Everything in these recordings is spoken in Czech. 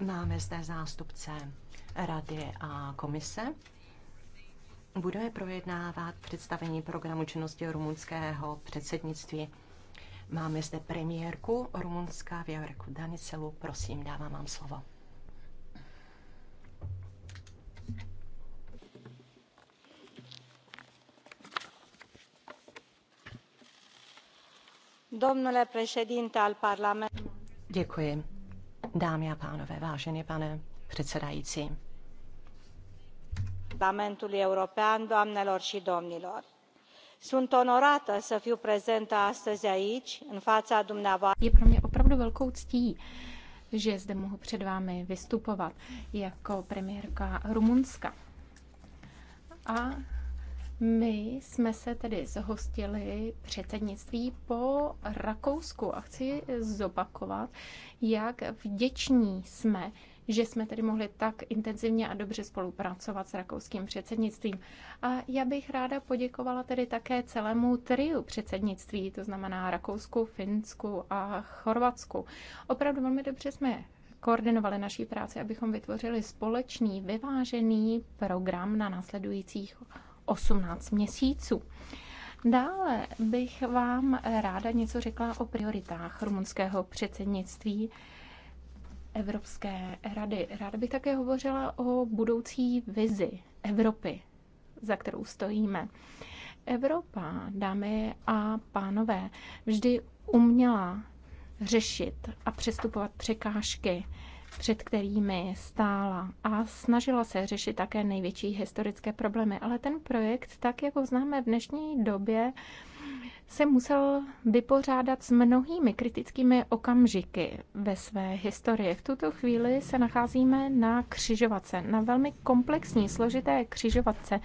Máme zde zástupce Rady a komise. Budeme projednávat představení programu činnosti rumunského předsednictví. Máme zde premiérku Rumunska Věrku Danicelu. Prosím, dávám vám slovo. Domnule președinte al Parlamentului. Děkuji. Dámy a pánové, vážený pane předsedající. Parlamentului European, doamnelor și domnilor. Sunt onorată să fiu prezentă astăzi aici, în fața dumneavoastră. Je pro mě opravdu velkou ctí, že zde mohu před vámi vystupovat jako premiérka Rumunska. A my jsme se tedy zhostili předsednictví po Rakousku a chci zopakovat, jak vděční jsme, že jsme tedy mohli tak intenzivně a dobře spolupracovat s rakouským předsednictvím. A já bych ráda poděkovala tedy také celému triu předsednictví, to znamená Rakousku, Finsku a Chorvatsku. Opravdu velmi dobře jsme koordinovali naší práci, abychom vytvořili společný, vyvážený program na následujících 18 měsíců. Dále bych vám ráda něco řekla o prioritách rumunského předsednictví Evropské rady. Ráda bych také hovořila o budoucí vizi Evropy, za kterou stojíme. Evropa, dámy a pánové, vždy uměla řešit a přestupovat překážky před kterými stála a snažila se řešit také největší historické problémy. Ale ten projekt, tak jak ho známe v dnešní době, se musel vypořádat s mnohými kritickými okamžiky ve své historii. V tuto chvíli se nacházíme na křižovatce, na velmi komplexní, složité křižovatce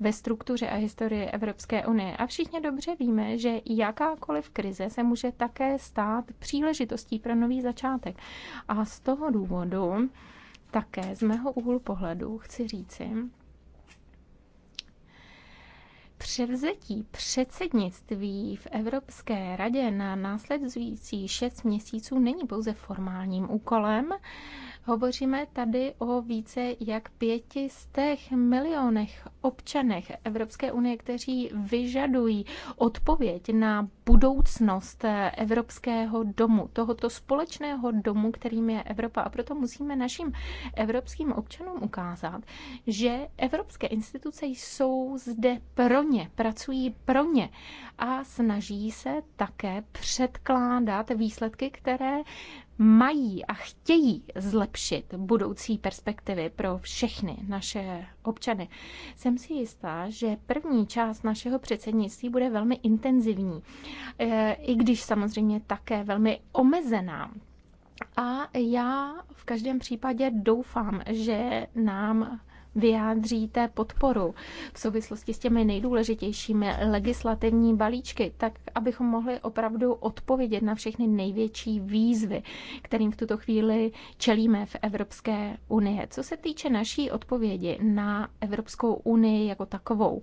ve struktuře a historii Evropské unie. A všichni dobře víme, že jakákoliv krize se může také stát příležitostí pro nový začátek. A z toho důvodu také z mého úhlu pohledu chci říci, převzetí předsednictví v Evropské radě na následující šest měsíců není pouze formálním úkolem, Hovoříme tady o více jak pěti z těch milionech občanech Evropské unie, kteří vyžadují odpověď na budoucnost Evropského domu, tohoto společného domu, kterým je Evropa. A proto musíme našim evropským občanům ukázat, že evropské instituce jsou zde pro ně, pracují pro ně a snaží se také předkládat výsledky, které mají a chtějí zlepšit budoucí perspektivy pro všechny naše občany. Jsem si jistá, že první část našeho předsednictví bude velmi intenzivní, eh, i když samozřejmě také velmi omezená. A já v každém případě doufám, že nám vyjádříte podporu v souvislosti s těmi nejdůležitějšími legislativní balíčky, tak abychom mohli opravdu odpovědět na všechny největší výzvy, kterým v tuto chvíli čelíme v Evropské unii. Co se týče naší odpovědi na Evropskou unii jako takovou,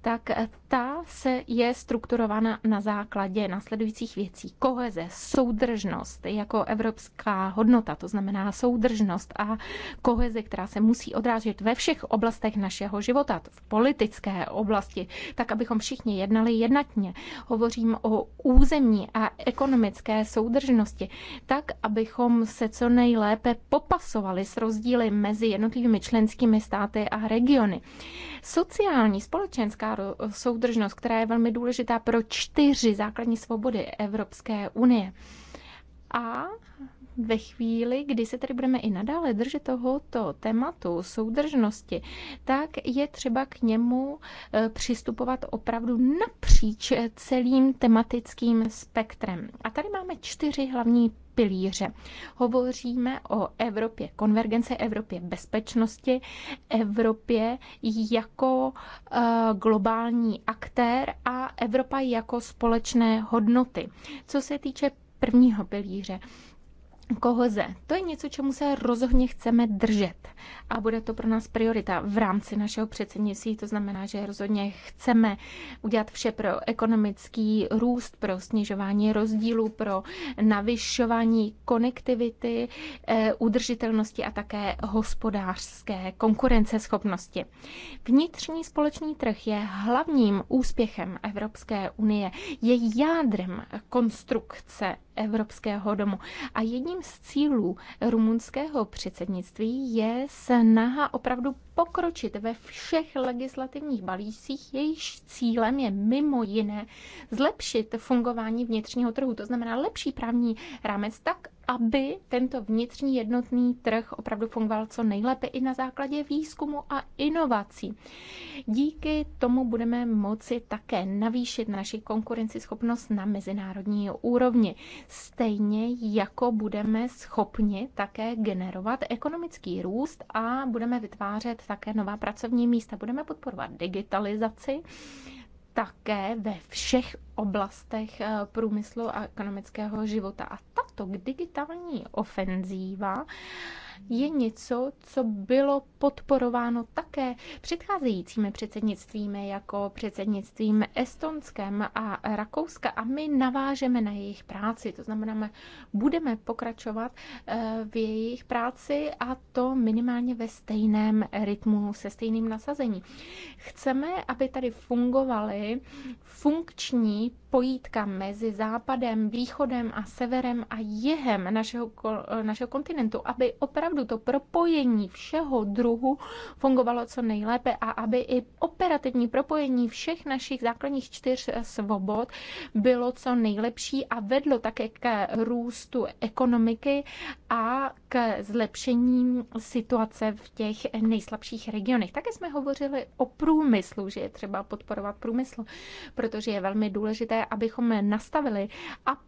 tak ta se je strukturována na základě následujících věcí. Koheze, soudržnost jako evropská hodnota, to znamená soudržnost a koheze, která se musí odrážet ve všech oblastech našeho života, v politické oblasti, tak abychom všichni jednali jednatně. Hovořím o územní a ekonomické soudržnosti, tak abychom se co nejlépe popasovali s rozdíly mezi jednotlivými členskými státy a regiony. Sociální, společenská soudržnost, která je velmi důležitá pro čtyři základní svobody Evropské unie. A ve chvíli, kdy se tedy budeme i nadále držet tohoto tématu soudržnosti, tak je třeba k němu eh, přistupovat opravdu napříč eh, celým tematickým spektrem. A tady máme čtyři hlavní pilíře. Hovoříme o Evropě konvergence, Evropě bezpečnosti, Evropě jako eh, globální aktér a Evropa jako společné hodnoty. Co se týče prvního pilíře, kohoze. To je něco, čemu se rozhodně chceme držet a bude to pro nás priorita v rámci našeho předsednictví. To znamená, že rozhodně chceme udělat vše pro ekonomický růst, pro snižování rozdílů, pro navyšování konektivity, eh, udržitelnosti a také hospodářské konkurenceschopnosti. Vnitřní společný trh je hlavním úspěchem Evropské unie, je jádrem konstrukce Evropského domu. A jedním z cílů rumunského předsednictví je snaha opravdu pokročit ve všech legislativních balících, jejíž cílem je mimo jiné zlepšit fungování vnitřního trhu, to znamená lepší právní rámec tak, aby tento vnitřní jednotný trh opravdu fungoval co nejlépe i na základě výzkumu a inovací. Díky tomu budeme moci také navýšit naši konkurenceschopnost na mezinárodní úrovni. Stejně jako budeme schopni také generovat ekonomický růst a budeme vytvářet také nová pracovní místa. Budeme podporovat digitalizaci také ve všech oblastech eh, průmyslu a ekonomického života. A tato digitální ofenzíva je něco, co bylo podporováno také předcházejícími předsednictvími, jako předsednictvím estonském a Rakouska a my navážeme na jejich práci. To znamená, my budeme pokračovat eh, v jejich práci a to minimálně ve stejném rytmu, se stejným nasazením. Chceme, aby tady fungovaly funkční pojítka mezi západem, východem a severem a jehem našeho, našeho kontinentu, aby opravdu opravdu to propojení všeho druhu fungovalo co nejlépe a aby i operativní propojení všech našich základních čtyř svobod bylo co nejlepší a vedlo také k růstu ekonomiky a k zlepšení situace v těch nejslabších regionech. Také jsme hovořili o průmyslu, že je třeba podporovat průmysl, protože je velmi důležité, abychom nastavili aplikacii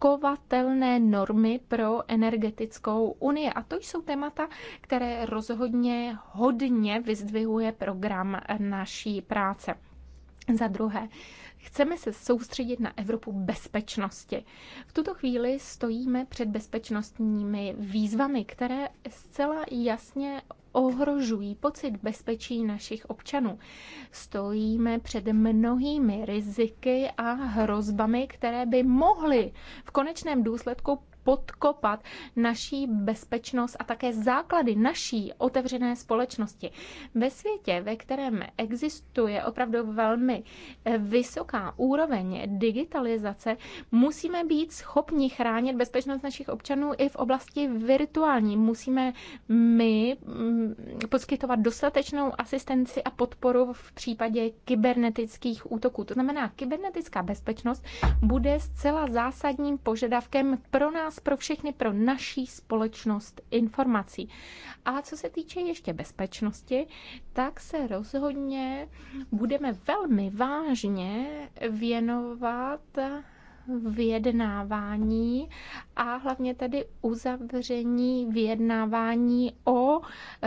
kovatelné normy pro energetickou unii. A to jsou témata, které rozhodně hodně vyzdvihuje program naší práce. Za druhé, chceme se soustředit na Evropu bezpečnosti. V tuto chvíli stojíme před bezpečnostními výzvami, které zcela jasně ohrožují pocit bezpečí našich občanů. Stojíme před mnohými riziky a hrozbami, které by mohly v konečném důsledku podkopat naší bezpečnost a také základy naší otevřené společnosti. Ve světě, ve kterém existuje opravdu velmi eh, vysoká úroveň digitalizace, musíme být schopni chránit bezpečnost našich občanů i v oblasti virtuální. Musíme my mm, poskytovat dostatečnou asistenci a podporu v případě kybernetických útoků. To znamená, kybernetická bezpečnost bude zcela zásadním požadavkem pro nás nás pro všechny, pro naší společnost informací. A co se týče ještě bezpečnosti, tak se rozhodně budeme velmi vážně věnovat vyjednávání a hlavně tedy uzavření vyjednávání o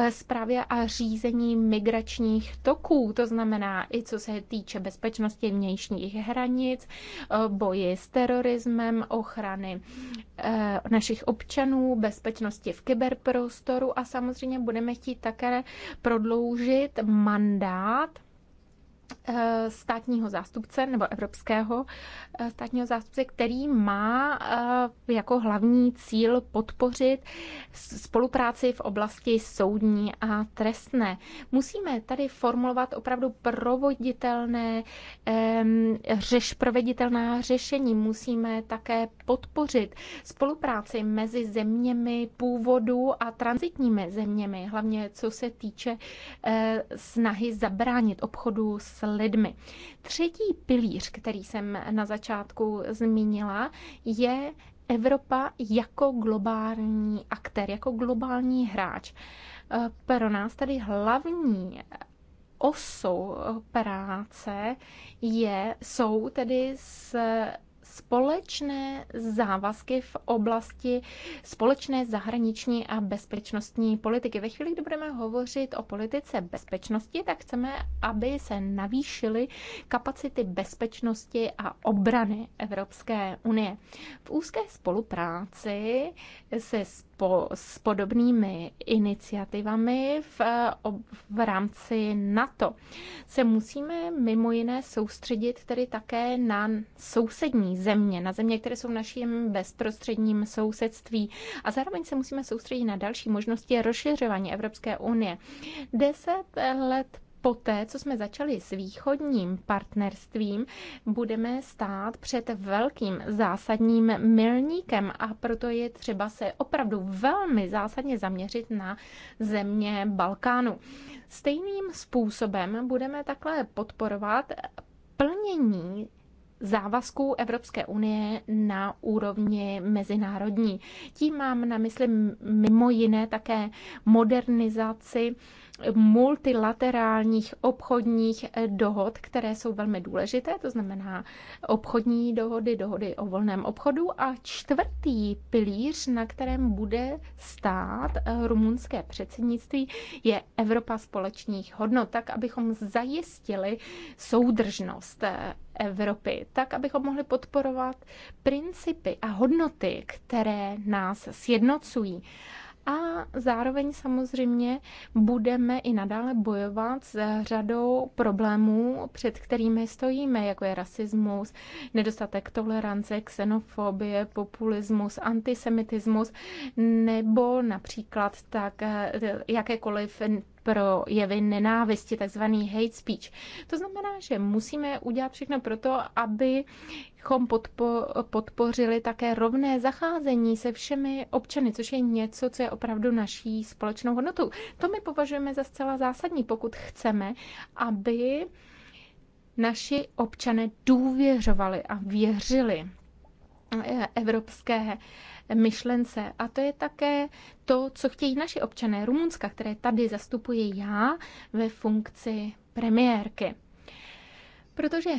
zprávě eh, a řízení migračních toků. To znamená i co se týče bezpečnosti vnějších hranic, eh, boji s terorismem, ochrany eh, našich občanů, bezpečnosti v kyberprostoru a samozřejmě budeme chtít také prodloužit mandát Eh, státního zástupce nebo evropského eh, státního zástupce, který má eh, jako hlavní cíl podpořit spolupráci v oblasti soudní a trestné. Musíme tady formulovat opravdu proveditelné, řeš, proveditelná řešení. Musíme také podpořit spolupráci mezi zeměmi původu a transitními zeměmi, hlavně co se týče snahy zabránit obchodu s lidmi. Třetí pilíř, který jsem na začátku zmínila, je Evropa jako globální aktér, jako globální hráč. E, pro nás tady hlavní osou e, práce je, jsou tedy s společné závazky v oblasti společné zahraniční a bezpečnostní politiky. Ve chvíli, kdy budeme hovořit o politice bezpečnosti, tak chceme, aby se navýšily kapacity bezpečnosti a obrany Evropské unie. V úzké spolupráci se po, s podobnými iniciativami v, v rámci NATO. Se musíme mimo jiné soustředit tedy také na sousední země, na země, které jsou v našem bezprostředním sousedství. A zároveň se musíme soustředit na další možnosti rozšiřování Evropské unie. Deset let poté, co jsme začali s východním partnerstvím, budeme stát před velkým zásadním milníkem a proto je třeba se opravdu velmi zásadně zaměřit na země Balkánu. Stejným způsobem budeme takhle podporovat plnění závazků Evropské unie na úrovni mezinárodní. Tím mám na mysli mimo jiné také modernizaci multilaterálních obchodních eh, dohod, které jsou velmi důležité, to znamená obchodní dohody, dohody o volném obchodu a čtvrtý pilíř, na kterém bude stát eh, rumunské předsednictví, je Evropa společných hodnot, tak abychom zajistili soudržnost eh, Evropy, tak abychom mohli podporovat principy a hodnoty, které nás sjednocují. A zároveň samozřejmě budeme i nadále bojovat s řadou problémů, před kterými stojíme, jako je rasismus, nedostatek tolerance, xenofobie, populismus, antisemitismus nebo například tak eh, jakékoliv pro jevy nenávisti, takzvaný hate speech. To znamená, že musíme udělat všechno pro to, abychom podpo- podpořili také rovné zacházení se všemi občany, což je něco, co je opravdu naší společnou hodnotou. To my považujeme za zcela zásadní, pokud chceme, aby naši občané důvěřovali a věřili eh, evropské myšlence. A to je také to, co chtějí naši občané Rumunska, které tady zastupuje já ve funkci premiérky. Protože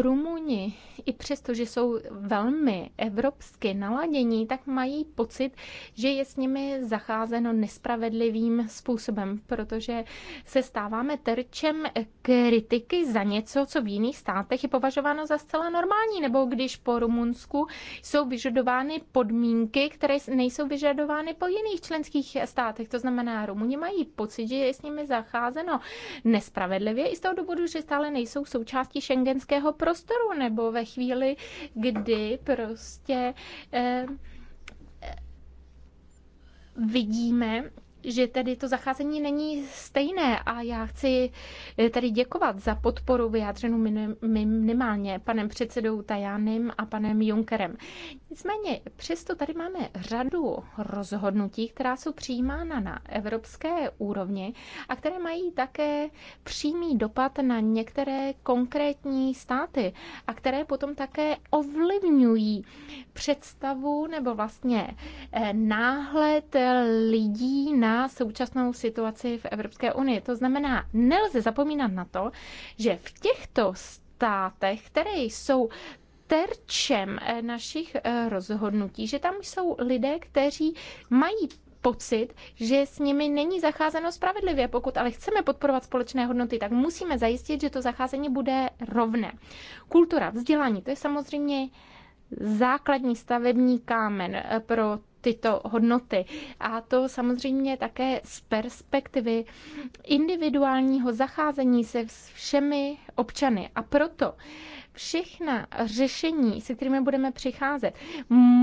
Rumuni, i přesto, že jsou velmi evropsky naladění, tak mají pocit, že je s nimi zacházeno nespravedlivým způsobem, protože se stáváme terčem kritiky za něco, co v jiných státech je považováno za zcela normální, nebo když po Rumunsku jsou vyžadovány podmínky, které nejsou vyžadovány po jiných členských státech. To znamená, Rumuni mají pocit, že je s nimi zacházeno nespravedlivě i z toho důvodu, že stále nejsou součástí šengenského prostoru nebo ve chvíli, kdy prostě eh, eh, vidíme, že tady to zacházení není stejné a já chci eh, tady děkovat za podporu vyjádřenou minimálně panem předsedou Tajánem a panem Junkerem. Nicméně přesto tady máme řadu rozhodnutí, která jsou přijímána na evropské úrovni a které mají také přímý dopad na některé konkrétní státy a které potom také ovlivňují představu nebo vlastně eh, náhled lidí na na současnou situaci v Evropské unii. To znamená, nelze zapomínat na to, že v těchto státech, které jsou terčem eh, našich eh, rozhodnutí, že tam jsou lidé, kteří mají pocit, že s nimi není zacházeno spravedlivě. Pokud ale chceme podporovat společné hodnoty, tak musíme zajistit, že to zacházení bude rovné. Kultura, vzdělání, to je samozřejmě základní stavební kámen eh, pro tyto hodnoty. A to samozřejmě také z perspektivy individuálního zacházení se všemi občany. A proto všechna řešení, se kterými budeme přicházet,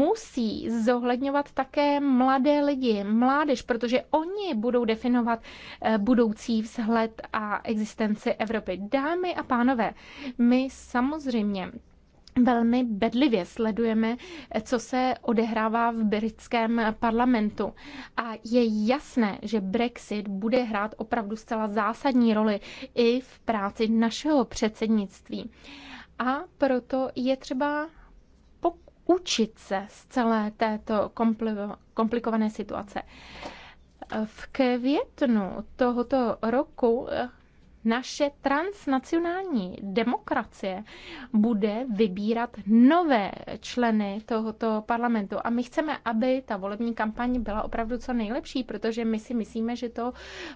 musí zohledňovat také mladé lidi, mládež, protože oni budou definovat eh, budoucí vzhled a existenci Evropy. Dámy a pánové, my samozřejmě velmi bedlivě sledujeme, co se odehrává v britském parlamentu. A je jasné, že Brexit bude hrát opravdu zcela zásadní roli i v práci našeho předsednictví. A proto je třeba učit se z celé této komplikované situace. V květnu tohoto roku naše transnacionální demokracie bude vybírat nové členy tohoto parlamentu. A my chceme, aby ta volební kampaň byla opravdu co nejlepší, protože my si myslíme, že to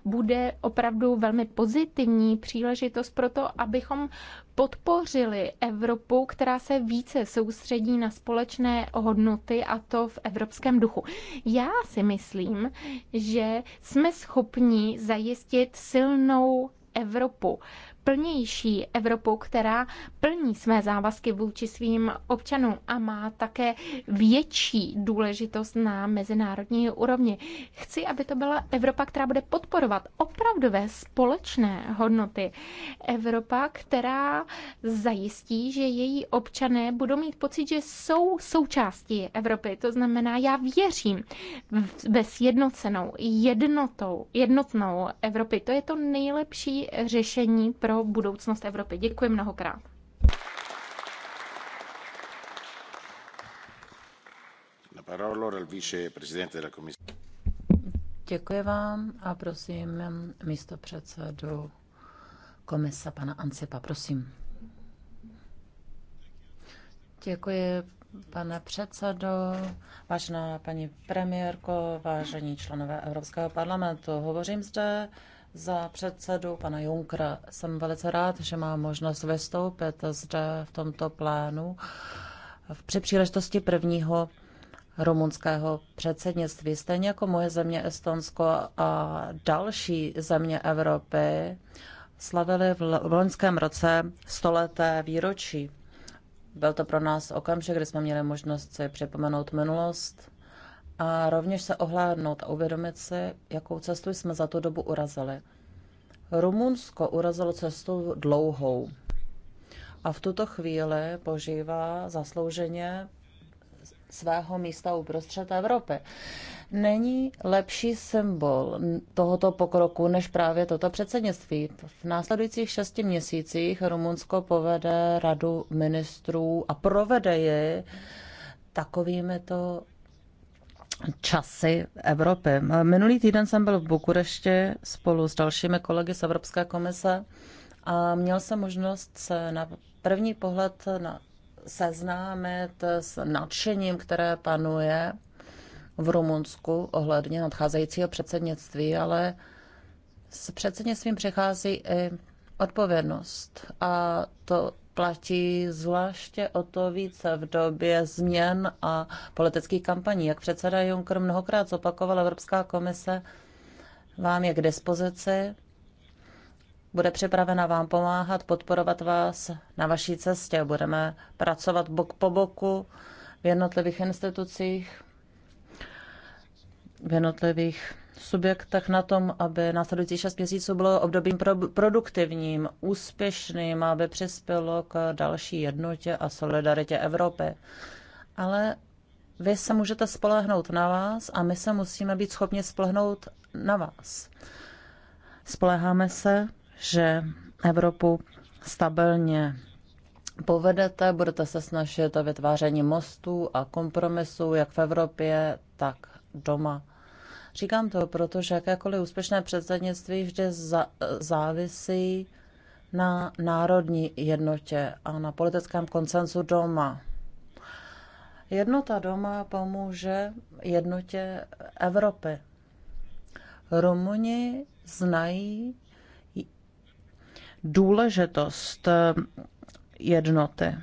bude opravdu velmi pozitivní příležitost pro to, abychom podpořili Evropu, která se více soustředí na společné hodnoty a to v evropském duchu. Já si myslím, že jsme schopni zajistit silnou Evropu plnější Evropou, která plní své závazky vůči svým občanům a má také větší důležitost na mezinárodní úrovni. Chci, aby to byla Evropa, která bude podporovat opravdové společné hodnoty. Evropa, která zajistí, že její občané budou mít pocit, že jsou součástí Evropy. To znamená, já věřím ve sjednocenou, jednotou, jednotnou Evropy. To je to nejlepší řešení pro pro budoucnost Evropy. Děkuji mnohokrát. Děkuji vám a prosím místo předsedu komise pana Ancipa, prosím. Děkuji, pane předsedo, vážená paní premiérko, vážení členové Evropského parlamentu. Hovořím zde za předsedu pana Junkra. Jsem velice rád, že mám možnost vystoupit zde v tomto plánu v při příležitosti prvního rumunského předsednictví. Stejně jako moje země Estonsko a další země Evropy slavili v loňském roce stoleté výročí. Byl to pro nás okamžik, kdy jsme měli možnost si připomenout minulost, a rovněž se ohlédnout a uvědomit si, jakou cestu jsme za tu dobu urazili. Rumunsko urazilo cestu dlouhou a v tuto chvíli požívá zaslouženě svého místa uprostřed Evropy. Není lepší symbol tohoto pokroku než právě toto předsednictví. V následujících šesti měsících Rumunsko povede radu ministrů a provede ji takovými to časy Evropy. Minulý týden jsem byl v Bukurešti spolu s dalšími kolegy z Evropské komise a měl jsem možnost se na první pohled na, seznámit s nadšením, které panuje v Rumunsku ohledně nadcházejícího předsednictví, ale s předsednictvím přichází i odpovědnost a to platí zvláště o to více v době změn a politických kampaní. Jak předseda Juncker mnohokrát zopakoval, Evropská komise vám je k dispozici, bude připravena vám pomáhat, podporovat vás na vaší cestě. Budeme pracovat bok po boku v jednotlivých institucích, v jednotlivých subjektech na tom, aby následující 6 měsíců bylo obdobím pro, produktivním, úspěšným, aby přispělo k další jednotě a solidaritě Evropy. Ale vy se můžete spolehnout na vás a my se musíme být schopni spolehnout na vás. Spoleháme se, že Evropu stabilně povedete, budete se snažit o vytváření mostů a kompromisů jak v Evropě, tak doma Říkám to, protože jakékoliv úspěšné předsednictví vždy za, závisí na národní jednotě a na politickém koncenzu doma. Jednota doma pomůže jednotě Evropy. Rumuni znají důležitost jednoty.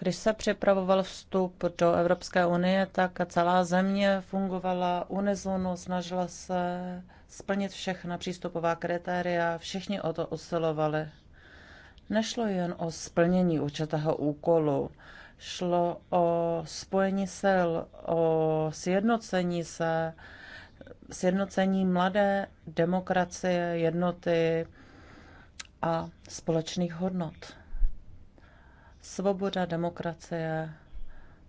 Když se připravoval vstup do Evropské unie, tak celá země fungovala unizonu, snažila se splnit všechna přístupová kritéria, všichni o to usilovali. Nešlo jen o splnění určitého úkolu, šlo o spojení sil, o sjednocení se, sjednocení mladé demokracie, jednoty a společných hodnot. Svoboda, demokracie,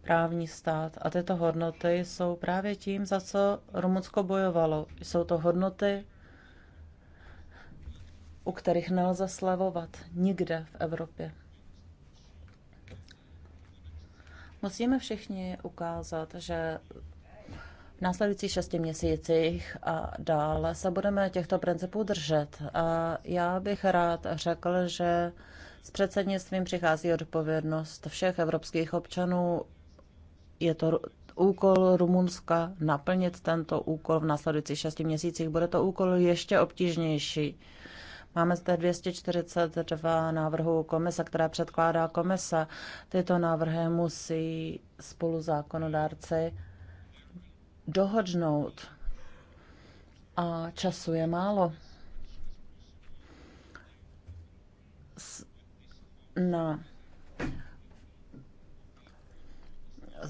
právní stát a tyto hodnoty jsou právě tím, za co Rumunsko bojovalo. Jsou to hodnoty, u kterých nelze slevovat nikde v Evropě. Musíme všichni ukázat, že v následujících šesti měsících a dále se budeme těchto principů držet. A já bych rád řekl, že s předsednictvím přichází odpovědnost všech evropských občanů. Je to úkol Rumunska naplnit tento úkol v následujících šesti měsících. Bude to úkol ještě obtížnější. Máme zde 242 návrhů komise, které předkládá komise. Tyto návrhy musí spolu zákonodárci dohodnout. A času je málo. na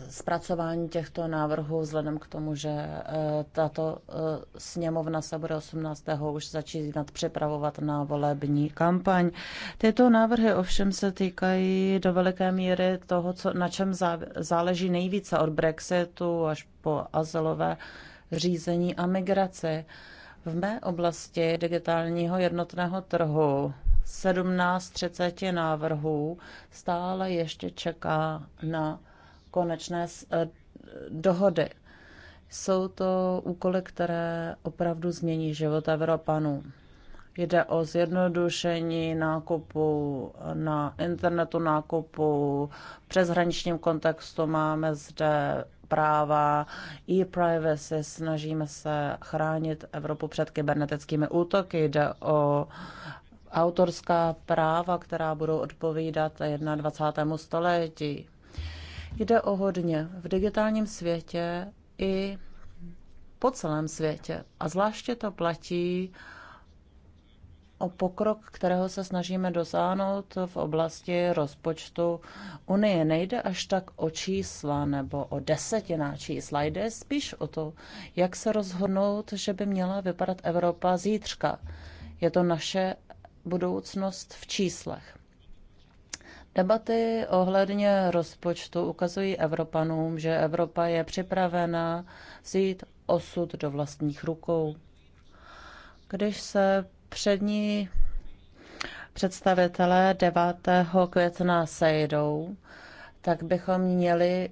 zpracování těchto návrhů, vzhledem k tomu, že eh, tato eh, sněmovna se bude 18. už začínat připravovat na volební kampaň. Tyto návrhy ovšem se týkají do veliké míry toho, co, na čem záleží nejvíce od Brexitu až po azylové řízení a migraci. V mé oblasti digitálního jednotného trhu 17.30 návrhů stále ještě čeká na konečné eh, dohody. Jsou to úkoly, které opravdu změní život Evropanů. Jde o zjednodušení nákupu na internetu nákupu, v přeshraničním kontextu máme zde práva e-privacy, snažíme se chránit Evropu před kybernetickými útoky, jde o autorská práva, která budou odpovídat 21. století. Jde o hodně v digitálním světě i po celém světě. A zvláště to platí o pokrok, kterého se snažíme dosáhnout v oblasti rozpočtu Unie. Nejde až tak o čísla nebo o desetina čísla, jde spíš o to, jak se rozhodnout, že by měla vypadat Evropa zítřka. Je to naše budoucnost v číslech. Debaty ohledně rozpočtu ukazují Evropanům, že Evropa je připravena vzít osud do vlastních rukou. Když se přední představitelé 9. května sejdou, tak bychom měli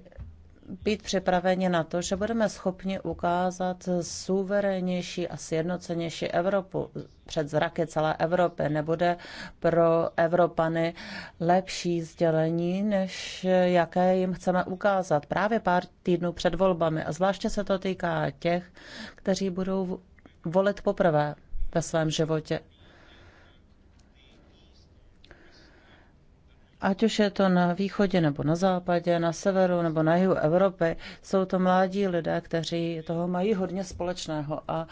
být připraveni na to, že budeme schopni ukázat suverénnější a sjednocenější Evropu před zraky celé Evropy. Nebude pro Evropany lepší sdělení, než jaké jim chceme ukázat právě pár týdnů před volbami. A zvláště se to týká těch, kteří budou volit poprvé ve svém životě. Ať už je to na východě nebo na západě, na severu nebo na jihu Evropy, jsou to mladí lidé, kteří toho mají hodně společného a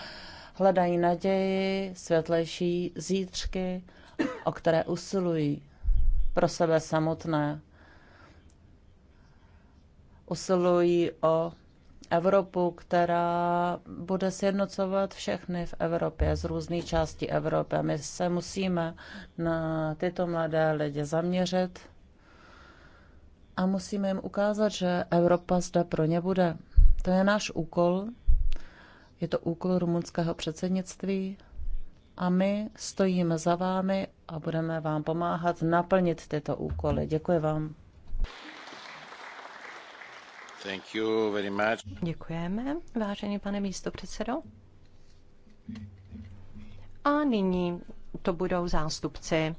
hledají naději, světlejší zítřky, o které usilují pro sebe samotné. Usilují o Evropu, která bude sjednocovat všechny v Evropě, z různých částí Evropy. My se musíme na tyto mladé lidi zaměřit a musíme jim ukázat, že Evropa zde pro ně bude. To je náš úkol, je to úkol rumunského předsednictví a my stojíme za vámi a budeme vám pomáhat naplnit tyto úkoly. Děkuji vám. Děkujeme, vážený pane předsedo. A nyní to budou zástupci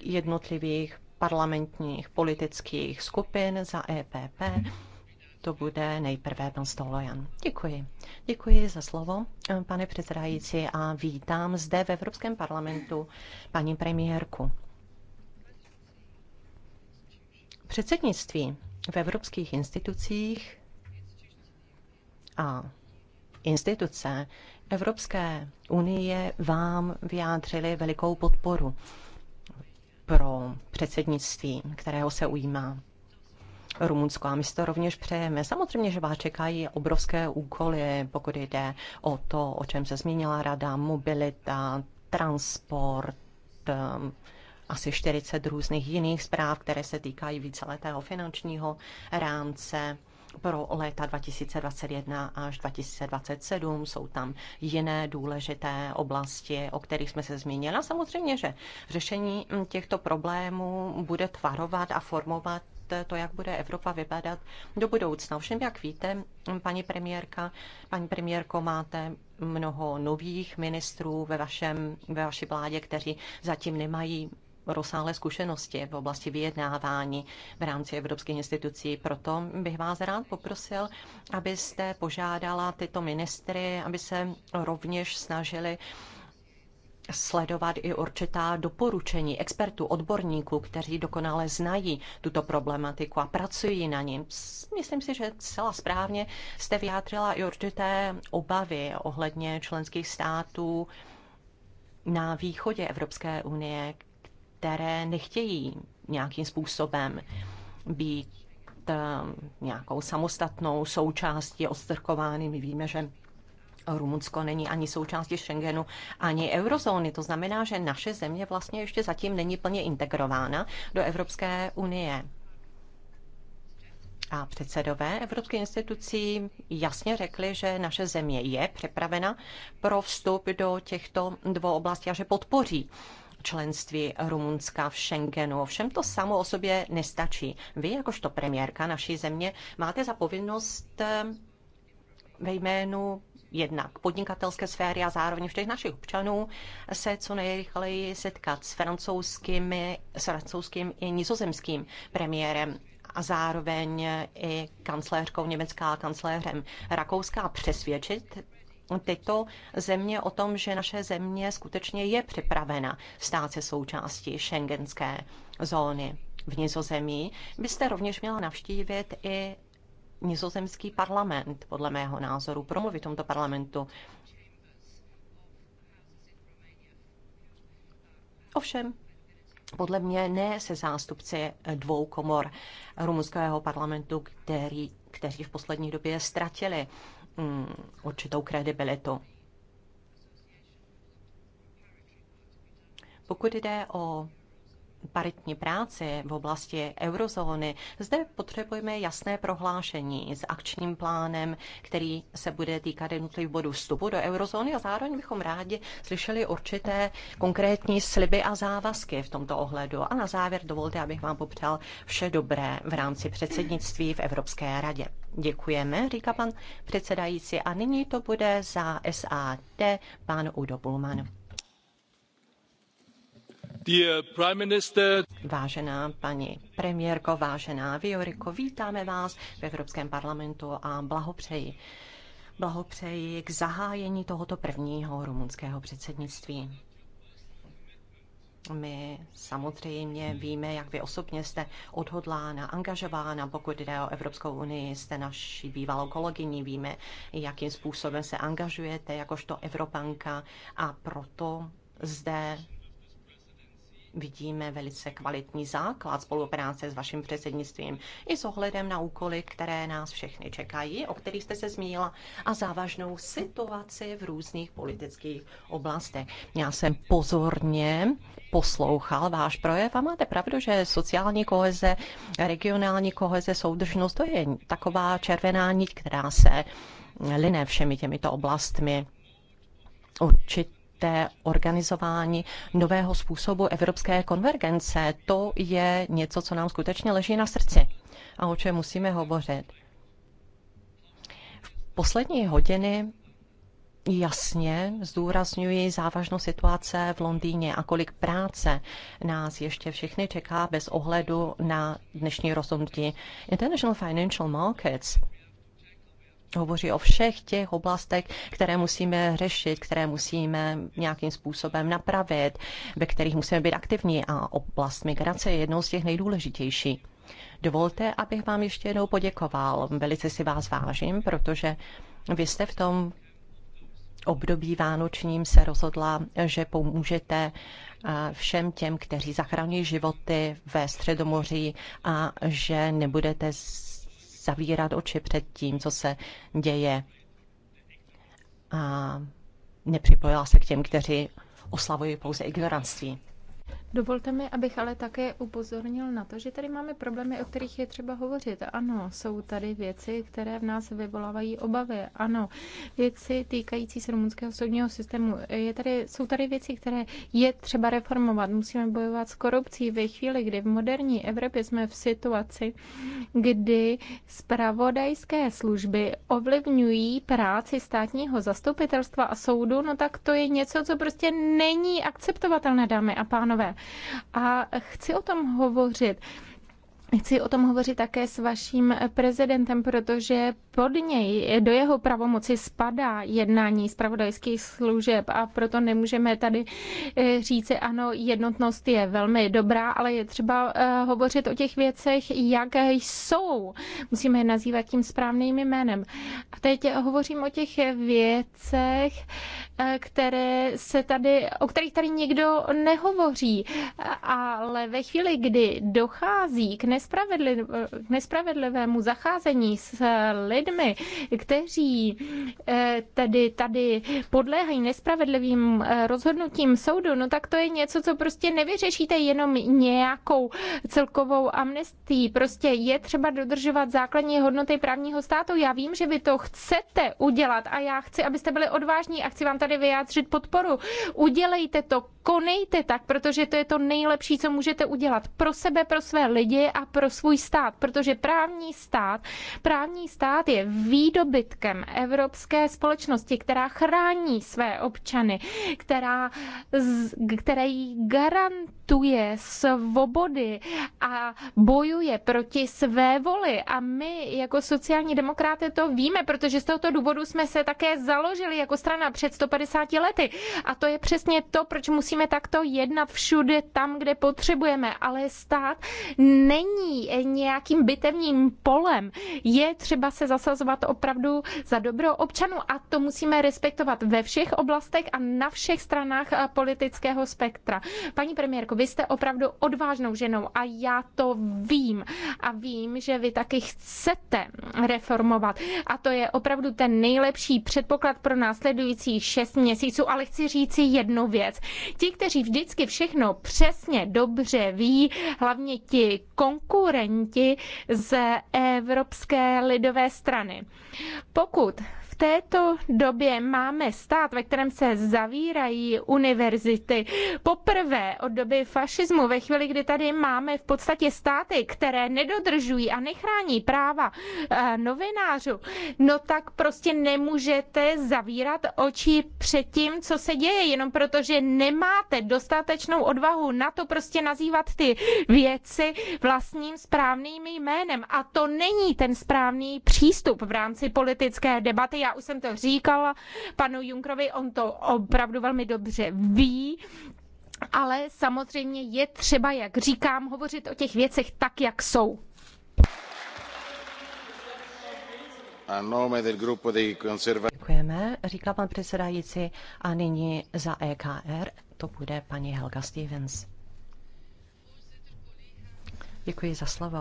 jednotlivých parlamentních politických skupin za EPP. To bude nejprve pan Stolojan. Děkuji. Děkuji za slovo, pane předsedající, a vítám zde v Evropském parlamentu paní premiérku. Předsednictví v evropských institucích a instituce Evropské unie vám vyjádřili velikou podporu pro předsednictví, kterého se ujímá Rumunsko. A my si to rovněž přejeme. Samozřejmě, že vás čekají obrovské úkoly, pokud jde o to, o čem se změnila rada, mobilita, transport, asi 40 různých jiných zpráv, které se týkají víceletého finančního rámce pro léta 2021 až 2027. Jsou tam jiné důležité oblasti, o kterých jsme se zmínili. A samozřejmě, že řešení těchto problémů bude tvarovat a formovat to, jak bude Evropa vypadat do budoucna. Všem, jak víte, paní premiérka, paní premiérko, máte mnoho nových ministrů ve, vašem, ve vaší vládě, kteří zatím nemají rozsáhlé zkušenosti v oblasti vyjednávání v rámci evropských institucí. Proto bych vás rád poprosil, abyste požádala tyto ministry, aby se rovněž snažili sledovat i určitá doporučení expertů, odborníků, kteří dokonale znají tuto problematiku a pracují na ní. Myslím si, že celá správně jste vyjádřila i určité obavy ohledně členských států na východě Evropské unie, které nechtějí nějakým způsobem být eh, nějakou samostatnou součástí odstrkovány. My víme, že Rumunsko není ani součástí Schengenu, ani eurozóny. To znamená, že naše země vlastně ještě zatím není plně integrována do Evropské unie. A předsedové evropské institucí jasně řekli, že naše země je připravena pro vstup do těchto dvou oblastí a že podpoří členství Rumunska v Schengenu. všem to samo o sobě nestačí. Vy, jakožto premiérka naší země, máte za povinnost eh, ve jménu jednak podnikatelské sféry a zároveň všech našich občanů se co nejrychleji setkat s francouzským, s francouzským i nizozemským premiérem a zároveň i kancléřkou Německá a kancléřem Rakouska přesvědčit tyto země o tom, že naše země skutečně je připravena stát se součástí šengenské zóny v Nizozemí, byste rovněž měla navštívit i nizozemský parlament, podle mého názoru, promluvit tomto parlamentu. Ovšem, podle mě ne se zástupci dvou komor rumunského parlamentu, který, kteří v poslední době ztratili Mm, určitou kredibilitu. Pokud jde o paritní práci v oblasti eurozóny, zde potřebujeme jasné prohlášení s akčním plánem, který se bude týkat jednotlivých bodů vstupu do eurozóny a zároveň bychom rádi slyšeli určité konkrétní sliby a závazky v tomto ohledu. A na závěr dovolte, abych vám popřál vše dobré v rámci předsednictví v Evropské radě. Děkujeme, říká pan předsedající. A nyní to bude za SAD pan Udo Bulman. Vážená paní premiérko, vážená Viorico, vítáme vás v Evropském parlamentu a blahopřeji. Blahopřeji k zahájení tohoto prvního rumunského předsednictví. My samozřejmě víme, jak vy osobně jste odhodlána, angažována, pokud jde o Evropskou unii, jste naší bývalou kolegyní, víme, jakým způsobem se angažujete jakožto Evropanka a proto zde vidíme velice kvalitní základ spolupráce s vaším předsednictvím i s ohledem na úkoly, které nás všechny čekají, o kterých jste se zmínila, a závažnou situaci v různých politických oblastech. Já jsem pozorně poslouchal váš projev a máte pravdu, že sociální koheze, regionální koheze, soudržnost, to je taková červená nit, která se line všemi těmito oblastmi. Určitě té organizování nového způsobu evropské konvergence. To je něco, co nám skutečně leží na srdci a o čem musíme hovořit. V poslední hodiny jasně zdůrazňuji závažnost situace v Londýně a kolik práce nás ještě všechny čeká bez ohledu na dnešní rozhodnutí. International Financial Markets hovoří o všech těch oblastech, které musíme řešit, které musíme nějakým způsobem napravit, ve kterých musíme být aktivní a oblast migrace je jednou z těch nejdůležitějších. Dovolte, abych vám ještě jednou poděkoval. Velice si vás vážím, protože vy jste v tom období vánočním se rozhodla, že pomůžete eh, všem těm, kteří zachrání životy ve Středomoří a že nebudete zavírat oči před tím, co se děje. A nepřipojila se k těm, kteří oslavují pouze ignoranství. Dovolte mi, abych ale také upozornil na to, že tady máme problémy, o kterých je třeba hovořit. Ano, jsou tady věci, které v nás vyvolávají obavy. Ano, věci týkající se rumunského soudního systému. Je tady, jsou tady věci, které je třeba reformovat. Musíme bojovat s korupcí ve chvíli, kdy v moderní Evropě jsme v situaci, kdy spravodajské služby ovlivňují práci státního zastupitelstva a soudu. No tak to je něco, co prostě není akceptovatelné, dámy a pánové. A chci o tom hovořit. Chci o tom hovořit také s vaším prezidentem, protože pod něj, do jeho pravomoci spadá jednání zpravodajských služeb a proto nemůžeme tady eh, říci, ano, jednotnost je velmi dobrá, ale je třeba eh, hovořit o těch věcech, jaké jsou. Musíme je nazývat tím správným jménem. A teď hovořím o těch věcech, Eh, které se tady, o kterých tady nikdo nehovoří. Ale ve chvíli, kdy dochází k, nespravedliv, eh, k nespravedlivému zacházení s lidmi, kteří eh, tedy tady podléhají nespravedlivým rozhodnutím soudu, no tak to je něco, co prostě nevyřešíte jenom nějakou celkovou amnestí. Prostě je třeba dodržovat základní hodnoty právního státu. Já vím, že vy to chcete udělat a já chci, abyste byli odvážní a chci vám tady tady vyjádřit podporu. Udělejte to, konejte tak, protože to je to nejlepší, co můžete udělat pro sebe, pro své lidi a pro svůj stát, protože právní stát, právní stát je výdobytkem evropské společnosti, která chrání své občany, která, které jí garantuje svobody a bojuje proti své voli. A my jako sociální demokraté to víme, protože z tohoto důvodu jsme se také založili jako strana před 150 50 lety. A to je přesně to, proč musíme takto jednat všude tam, kde potřebujeme. Ale stát není nějakým bitevním polem. Je třeba se zasazovat opravdu za dobro občanů a to musíme respektovat ve všech oblastech a na všech stranách eh, politického spektra. Paní premiérko, vy jste opravdu odvážnou ženou a já to vím. A vím, že vy taky chcete reformovat. A to je opravdu ten nejlepší předpoklad pro následující šest 6 měsíců, ale chci říci jednu věc. Ti, kteří vždycky všechno přesně dobře ví, hlavně ti konkurenti z Evropské lidové strany. Pokud této době máme stát, ve kterém se zavírají univerzity. Poprvé od doby fašismu, ve chvíli, kdy tady máme v podstatě státy, které nedodržují a nechrání práva eh, novinářů, no tak prostě nemůžete zavírat oči před tím, co se děje, jenom protože nemáte dostatečnou odvahu na to prostě nazývat ty věci vlastním správným jménem. A to není ten správný přístup v rámci politické debaty. Já už jsem to říkala panu Junkrovi, on to opravdu velmi dobře ví. Ale samozřejmě je třeba, jak říkám, hovořit o těch věcech tak, jak jsou. No, Děkujeme, říká pan předsedající. A nyní za EKR to bude paní Helga Stevens. Děkuji za slovo,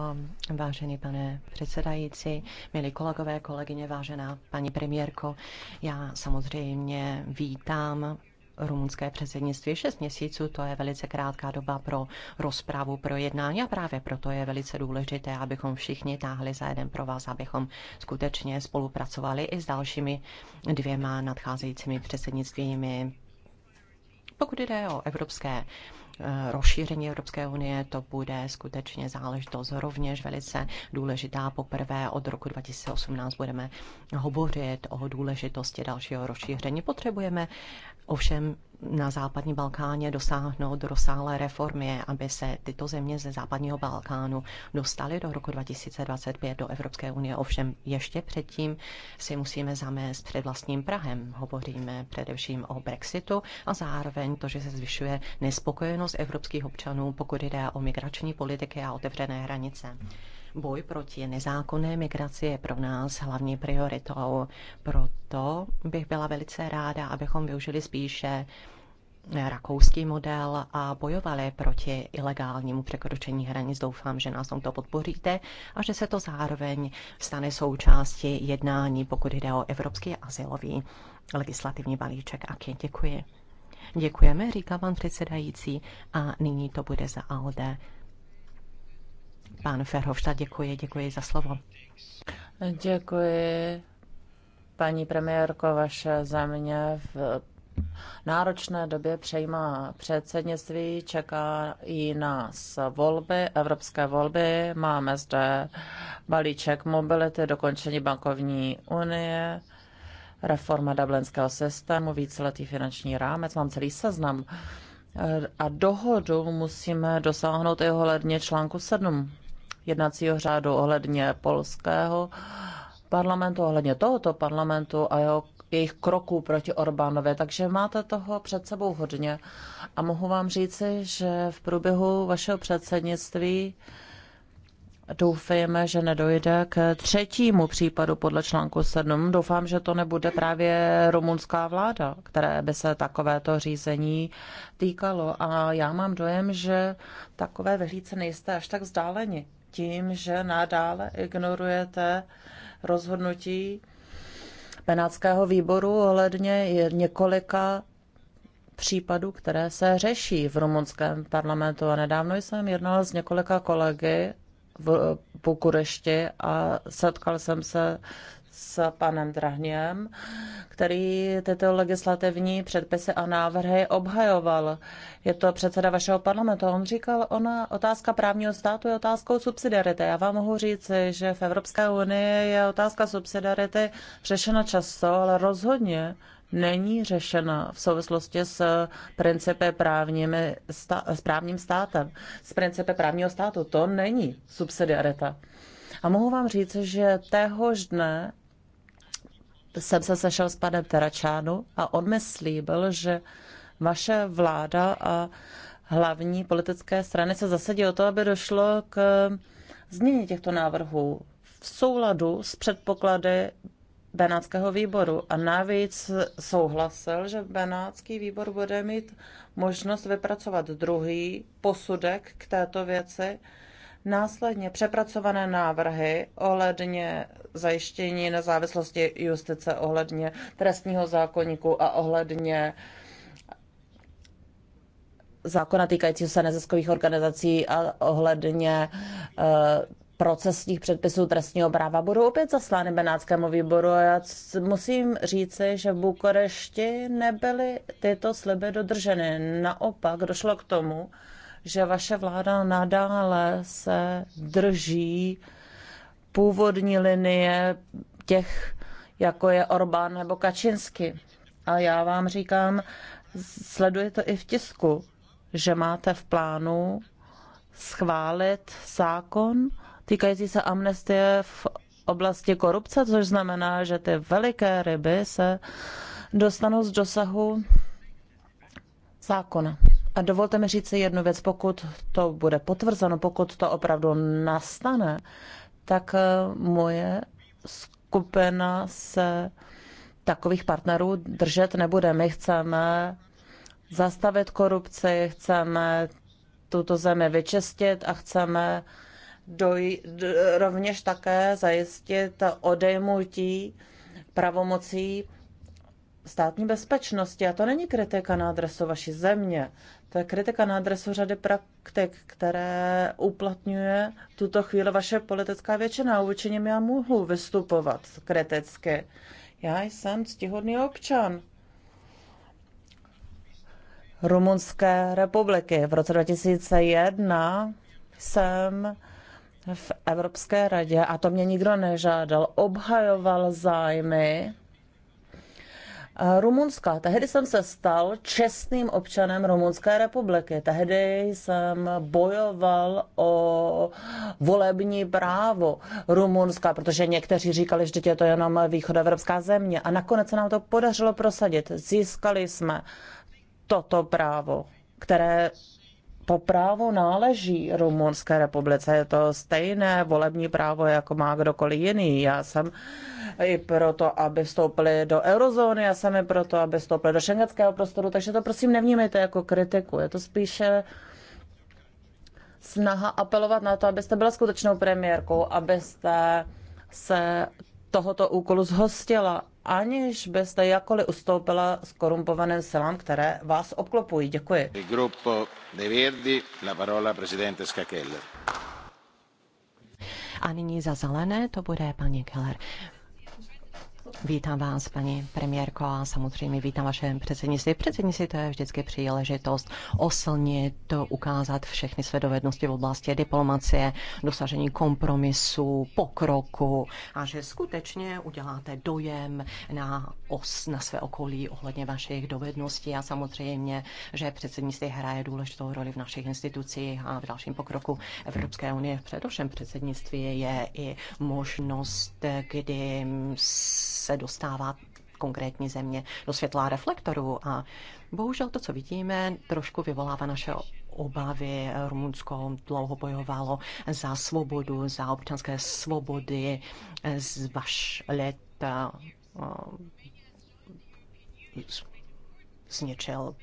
vážený pane předsedající, milí kolegové, kolegyně, vážená paní premiérko. Já samozřejmě vítám rumunské předsednictví. Šest měsíců to je velice krátká doba pro rozprávu, pro jednání a právě proto je velice důležité, abychom všichni táhli za jeden pro vás, abychom skutečně spolupracovali i s dalšími dvěma nadcházejícími předsednictvími. Pokud jde o evropské Eh, rozšíření Evropské unie, to bude skutečně záležitost rovněž velice důležitá. Poprvé od roku 2018 budeme hovořit o důležitosti dalšího rozšíření. Potřebujeme ovšem na západní Balkáně dosáhnout rozsáhlé reformy, aby se tyto země ze západního Balkánu dostaly do roku 2025 do Evropské unie. Ovšem ještě předtím si musíme zamést před vlastním Prahem. Hovoříme především o Brexitu a zároveň to, že se zvyšuje nespokojenost evropských občanů, pokud jde o migrační politiky a otevřené hranice. Boj proti nezákonné migraci je pro nás hlavní prioritou. Proto bych byla velice ráda, abychom využili spíše rakouský model a bojovali proti ilegálnímu překročení hranic. Doufám, že nás tomto podpoříte a že se to zároveň stane součástí jednání, pokud jde o evropský asilový legislativní balíček. A děkuji. Děkujeme, říká pan předsedající, a nyní to bude za ALDE Pán Ferhovšta, děkuji, děkuji za slovo. Děkuji, paní premiérko, vaše země v náročné době přejímá předsednictví, čeká i nás volby, evropské volby. Máme zde balíček mobility, dokončení bankovní unie, reforma dublinského systému, víceletý finanční rámec, mám celý seznam. A dohodu musíme dosáhnout i ohledně článku 7 jednacího řádu ohledně polského parlamentu, ohledně tohoto parlamentu a jeho, jejich kroků proti Orbánovi. Takže máte toho před sebou hodně. A mohu vám říci, že v průběhu vašeho předsednictví Doufejme, že nedojde k třetímu případu podle článku 7. Doufám, že to nebude právě rumunská vláda, které by se takovéto řízení týkalo. A já mám dojem, že takové vyhlídce nejste až tak vzdáleni tím, že nadále ignorujete rozhodnutí Benátského výboru ohledně několika případů, které se řeší v rumunském parlamentu. A nedávno jsem jednala s několika kolegy v Bukurešti a setkal jsem se s panem Drahněm, který tyto legislativní předpisy a návrhy obhajoval. Je to předseda vašeho parlamentu. On říkal, ona otázka právního státu je otázkou subsidiarity. Já vám mohu říct, že v Evropské unii je otázka subsidiarity řešena často, ale rozhodně není řešena v souvislosti s principy právními, s právním státem, s principy právního státu. To není subsidiarita. A mohu vám říct, že téhož dne jsem se sešel s panem Teračánu a on mi slíbil, že vaše vláda a hlavní politické strany se zasadí o to, aby došlo k změně těchto návrhů v souladu s předpoklady Benátského výboru. A navíc souhlasil, že Benátský výbor bude mít možnost vypracovat druhý posudek k této věci Následně přepracované návrhy ohledně zajištění nezávislosti justice, ohledně trestního zákonníku a ohledně zákona týkajícího se neziskových organizací a ohledně eh, procesních předpisů trestního práva budou opět zaslány Benátskému výboru. A já musím říci, že v Bukurešti nebyly tyto sliby dodrženy. Naopak došlo k tomu, že vaše vláda nadále se drží původní linie těch, jako je Orbán nebo Kačinsky. A já vám říkám, sleduje to i v tisku, že máte v plánu schválit zákon týkající se amnestie v oblasti korupce, což znamená, že ty veliké ryby se dostanou z dosahu zákona. A dovolte mi říct si jednu věc, pokud to bude potvrzeno, pokud to opravdu nastane, tak eh, moje skupina se takových partnerů držet nebude. My chceme zastavit korupci, chceme tuto zemi vyčistit a chceme doj- rovněž také zajistit odejmutí pravomocí státní bezpečnosti. A to není kritika na adresu vaší země. To je kritika na adresu řady praktik, které uplatňuje tuto chvíli vaše politická většina. Vůči já mohu vystupovat kriticky. Já jsem ctihodný občan. Rumunské republiky. V roce 2001 jsem v Evropské radě, a to mě nikdo nežádal, obhajoval zájmy Eh, Rumunska. Tehdy jsem se stal čestným občanem Rumunské republiky. Tehdy jsem bojoval o volební právo Rumunska, protože někteří říkali, že je to jenom východoevropská země. A nakonec se nám to podařilo prosadit. Získali jsme toto právo, které po právu náleží Rumunské republice. Je to stejné volební právo, jako má kdokoliv jiný. Já jsem uh, i proto, aby vstoupili do eurozóny a sami proto, aby vstoupili do šengenského prostoru. Takže to prosím nevnímejte jako kritiku. Je to spíše snaha apelovat na to, abyste byla skutečnou premiérkou, abyste se tohoto úkolu zhostila, aniž byste jakkoliv ustoupila s korumpovaným silám, které vás obklopují. Děkuji. A nyní za zelené to bude paní Keller. Vítám vás, paní premiérko, a samozřejmě vítám vaše předsednictví. Předsednictví to je vždycky příležitost oslnit, ukázat všechny své dovednosti v oblasti diplomacie, dosažení kompromisu, pokroku a že skutečně uděláte dojem na, os, na své okolí ohledně vašich dovedností a samozřejmě, že předsednictví hraje důležitou roli v našich institucích a v dalším pokroku Evropské unie. V především předsednictví je i možnost, kdy se dostává konkrétní země do světla reflektorů. A bohužel to, co vidíme, trošku vyvolává naše obavy. Rumunsko dlouho bojovalo za svobodu, za občanské svobody z vaš let eh, zničil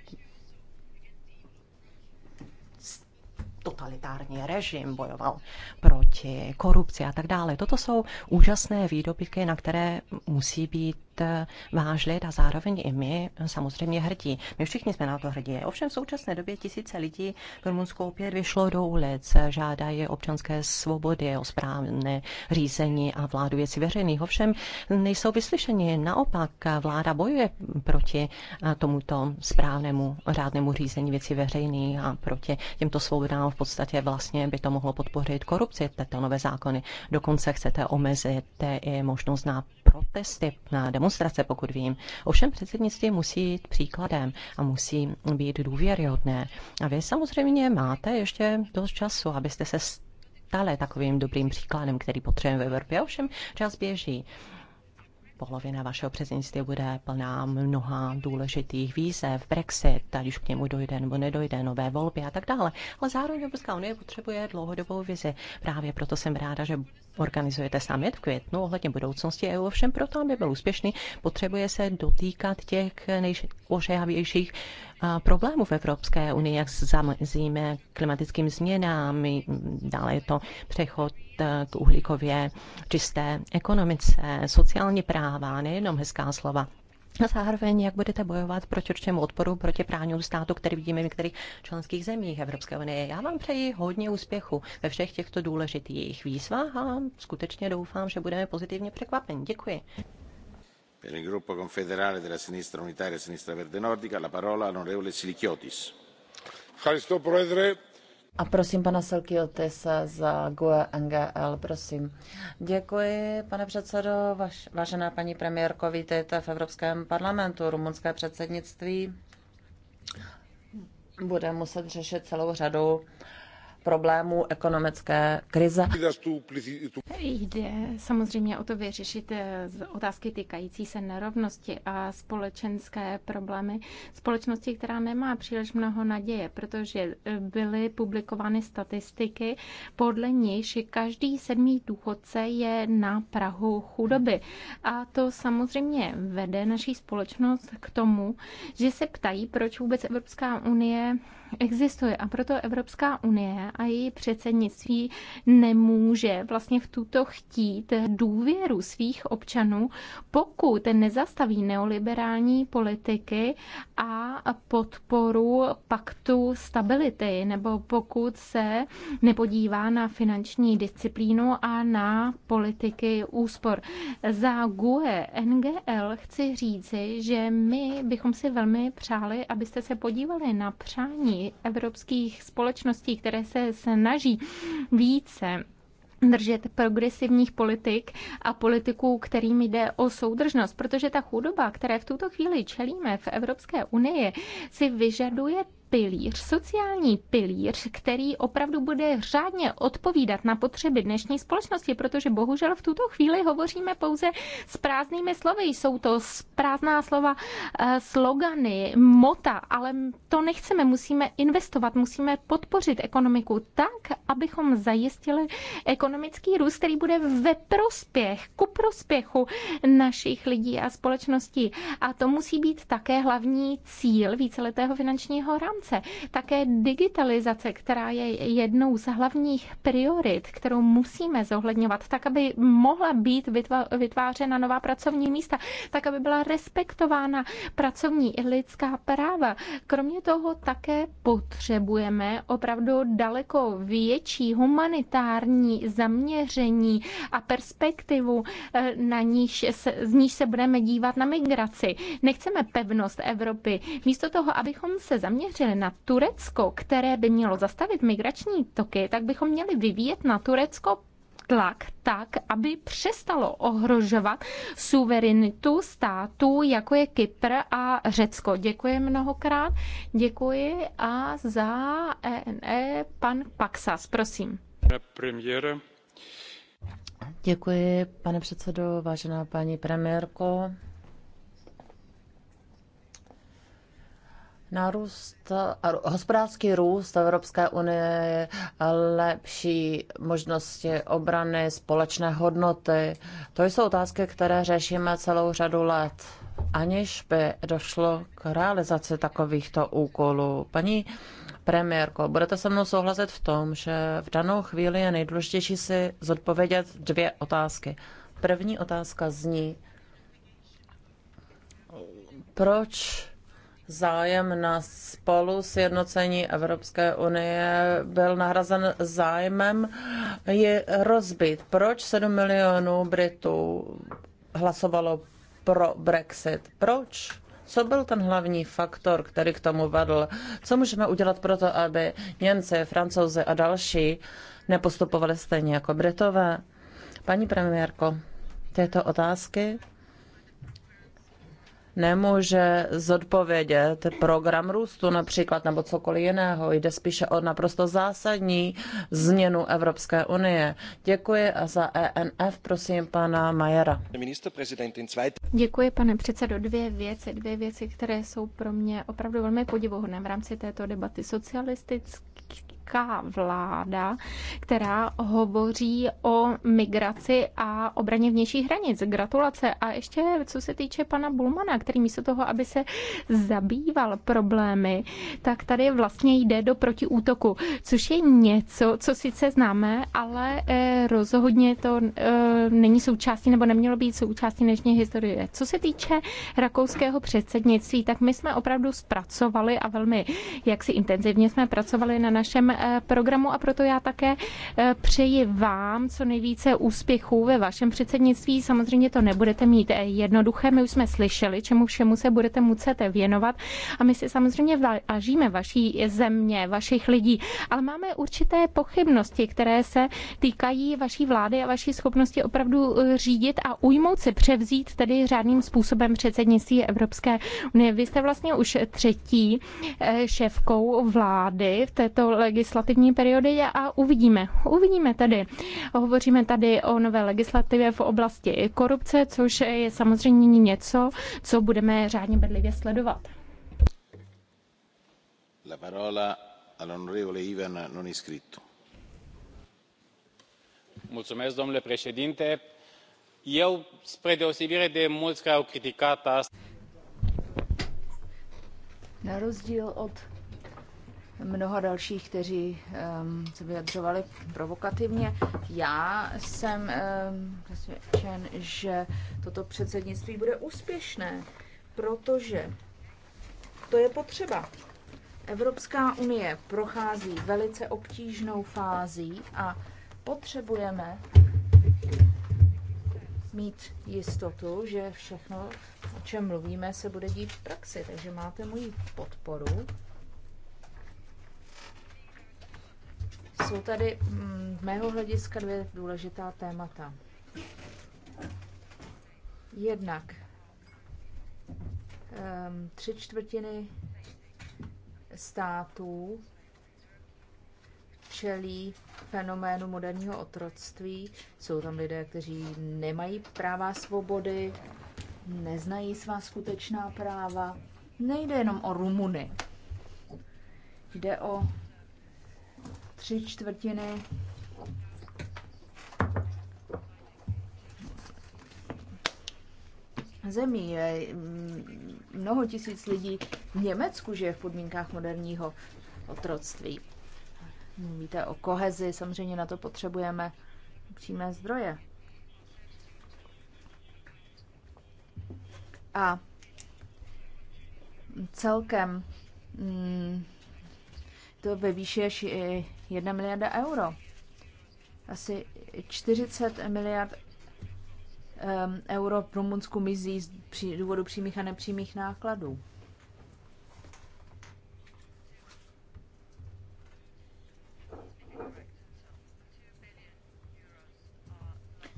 totalitární režim, bojoval proti korupci a tak dále. Toto jsou úžasné výdobytky, na které musí být Eh, vážlit a zároveň i my samozřejmě hrdí. My všichni jsme na to hrdí. Ovšem v současné době tisíce lidí v Rumunsku opět vyšlo do ulic, žádají občanské svobody, o správné řízení a vládu věcí veřejných. Ovšem nejsou vyslyšeni. Naopak vláda bojuje proti eh, tomuto správnému řádnému řízení věcí veřejných a proti těmto svobodám v podstatě vlastně by to mohlo podpořit korupci, tyto nové zákony. Dokonce chcete omezit i možnost na protesty, na demonstrace, pokud vím. Ovšem předsednictví musí jít příkladem a musí být důvěryhodné. A vy samozřejmě máte ještě dost času, abyste se stále takovým dobrým příkladem, který potřebujeme v Evropě. Ovšem čas běží. Polovina vašeho předsednictví bude plná mnoha důležitých výzev, Brexit, ať už k němu dojde nebo nedojde, nové volby a tak dále. Ale zároveň Evropská unie potřebuje dlouhodobou vizi. Právě proto jsem ráda, že organizujete summit v květnu ohledně budoucnosti EU. Ovšem proto, aby byl úspěšný, potřebuje se dotýkat těch nejožehavějších problémů v Evropské unii, jak zamezíme klimatickým změnám, dále je to přechod Eh, k uhlíkově čisté ekonomice, sociální práva, nejenom hezká slova. A zároveň, jak budete bojovat proti určitému odporu proti právnímu státu, který vidíme v některých členských zemích Evropské unie. Já vám přeji hodně úspěchu ve všech těchto důležitých výzvách a skutečně doufám, že budeme pozitivně překvapeni. Děkuji. Per il gruppo confederale della sinistra unitaria e sinistra verde nordica la parola all'onorevole Silichiotis. Ευχαριστώ, a prosím pana Selkiotise za GUE NGL, prosím. Děkuji, pane předsedo. Vaš, vážená paní premiérko, vítejte v Evropském parlamentu. Rumunské předsednictví bude muset řešit celou řadu uh, problémů ekonomické krize. Jde samozřejmě o to vyřešit eh, otázky týkající se nerovnosti a společenské problémy společnosti, která nemá příliš mnoho naděje, protože eh, byly publikovány statistiky, podle nichž každý sedmý důchodce je na Prahu chudoby. A to samozřejmě vede naší společnost k tomu, že se ptají, proč vůbec Evropská unie existuje a proto Evropská unie a její předsednictví nemůže vlastně v tuto chtít důvěru svých občanů, pokud nezastaví neoliberální politiky a podporu paktu stability, nebo pokud se nepodívá na finanční disciplínu a na politiky úspor. Za GUE NGL chci říci, že my bychom si velmi přáli, abyste se podívali na přání evropských společností, které se snaží více držet progresivních politik a politiků, kterým jde o soudržnost, protože ta chudoba, které v tuto chvíli čelíme v Evropské unii, si vyžaduje pilíř, sociální pilíř, který opravdu bude řádně odpovídat na potřeby dnešní společnosti, protože bohužel v tuto chvíli hovoříme pouze s prázdnými slovy. Jsou to prázdná slova, eh, slogany, mota, ale to nechceme. Musíme investovat, musíme podpořit ekonomiku tak, abychom zajistili ekonomický růst, který bude ve prospěch, ku prospěchu našich lidí a společností. A to musí být také hlavní cíl víceletého finančního rámce rámce. Také digitalizace, která je jednou z hlavních priorit, kterou musíme zohledňovat, tak aby mohla být vytvářena nová pracovní místa, tak aby byla respektována pracovní i lidská práva. Kromě toho také potřebujeme opravdu daleko větší humanitární zaměření a perspektivu, eh, na níž se, z níž se budeme dívat na migraci. Nechceme pevnost Evropy. Místo toho, abychom se zaměřili tlačili na Turecko, které by mělo zastavit migrační toky, tak bychom měli vyvíjet na Turecko tlak tak, aby přestalo ohrožovat suverenitu států, jako je Kypr a Řecko. Děkuji mnohokrát. Děkuji a za ENE e pan Paxas, prosím. Premiéra. Děkuji, pane předsedo, vážená paní premiérko. Nárůst, hospodářský růst Evropské unie, lepší možnosti obrany, společné hodnoty. To jsou otázky, které řešíme celou řadu let, aniž by došlo k realizaci takovýchto úkolů. Paní premiérko, budete se mnou souhlasit v tom, že v danou chvíli je nejdůležitější si zodpovědět dvě otázky. První otázka zní, proč zájem na spolu sjednocení Evropské unie byl nahrazen zájmem je rozbit. Proč 7 milionů Britů hlasovalo pro Brexit? Proč? Co byl ten hlavní faktor, který k tomu vedl? Co můžeme udělat pro to, aby Němci, Francouzi a další nepostupovali stejně jako Britové? Paní premiérko, tyto otázky nemůže zodpovědět program růstu například nebo cokoliv jiného. Jde spíše o naprosto zásadní změnu Evropské unie. Děkuji a za ENF prosím pana Majera. Děkuji, pane předsedo. Dvě věci, dvě věci, které jsou pro mě opravdu velmi podivuhodné v rámci této debaty. Socialistický americká vláda, která hovoří o migraci a obraně vnějších hranic. Gratulace. A ještě co se týče pana Bulmana, který místo toho, aby se zabýval problémy, tak tady vlastně jde do protiútoku, což je něco, co sice známe, ale eh, rozhodně to eh, není součástí nebo nemělo být součástí dnešní historie. Co se týče rakouského předsednictví, tak my jsme opravdu zpracovali a velmi jaksi intenzivně jsme pracovali na našem Eh, programu a proto já také eh, přeji vám co nejvíce úspěchů ve vašem předsednictví. Samozřejmě to nebudete mít eh, jednoduché, my už jsme slyšeli, čemu všemu se budete muset věnovat a my si samozřejmě vážíme vaší země, vašich lidí, ale máme určité pochybnosti, které se týkají vaší vlády a vaší schopnosti opravdu řídit a ujmout se, převzít tedy řádným způsobem předsednictví Evropské unie. Vy jste vlastně už třetí šéfkou vlády v této legislativě legislativní periody a uvidíme. Uvidíme tady. Hovoříme tady o nové legislativě v oblasti korupce, což je samozřejmě něco, co budeme řádně bedlivě sledovat. La parola all'onorevole Ivan non iscritto. Mulțumesc, domnule președinte. Eu, spre deosebire de mulți care au criticat asta, na rozdíl od mnoha dalších, kteří um, se vyjadřovali provokativně. Já jsem um, přesvědčen, že toto předsednictví bude úspěšné, protože to je potřeba. Evropská unie prochází velice obtížnou fází a potřebujeme mít jistotu, že všechno, o čem mluvíme, se bude dít v praxi. Takže máte moji podporu Jsou tady mm, z mého hlediska dvě důležitá témata. Jednak ehm, tři čtvrtiny států čelí fenoménu moderního otroctví. Jsou tam lidé, kteří nemají práva svobody, neznají svá skutečná práva. Nejde jenom o Rumuny. Jde o tři čtvrtiny zemí. Je mm, mnoho tisíc lidí v Německu je v podmínkách moderního otroctví. Mluvíte o kohezi, samozřejmě na to potřebujeme přímé zdroje. A celkem mm, to ve výši 1 miliarda euro. Asi 40 miliard um, euro v Rumunsku mizí z pří, důvodu přímých a nepřímých nákladů.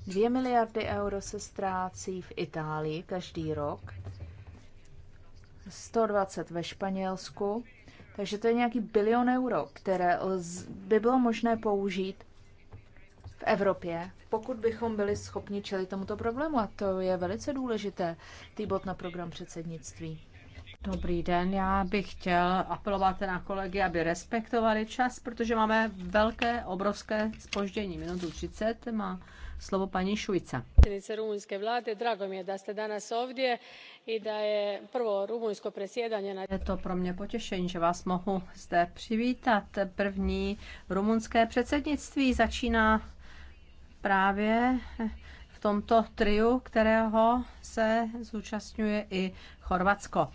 Dvě miliardy euro se ztrácí v Itálii každý rok, 120 ve Španělsku, takže to je nějaký bilion euro, které by bylo možné použít v Evropě, pokud bychom byli schopni čelit tomuto problému. A to je velice důležité, týbot na program předsednictví. Dobrý den, já bych chtěl apelovat na kolegy, aby respektovali čas, protože máme velké, obrovské spoždění. Minutu 30 má slovo paní Šujca. Předsednice rumunské vlády, drago mi je da jste danas ovdě i da je prvo rumunsko presjedanje na... Je to pro mě potěšení, že vás mohu zde přivítat. První rumunské předsednictví začíná právě v tomto triu, kterého se zúčastňuje i Chorvatsko.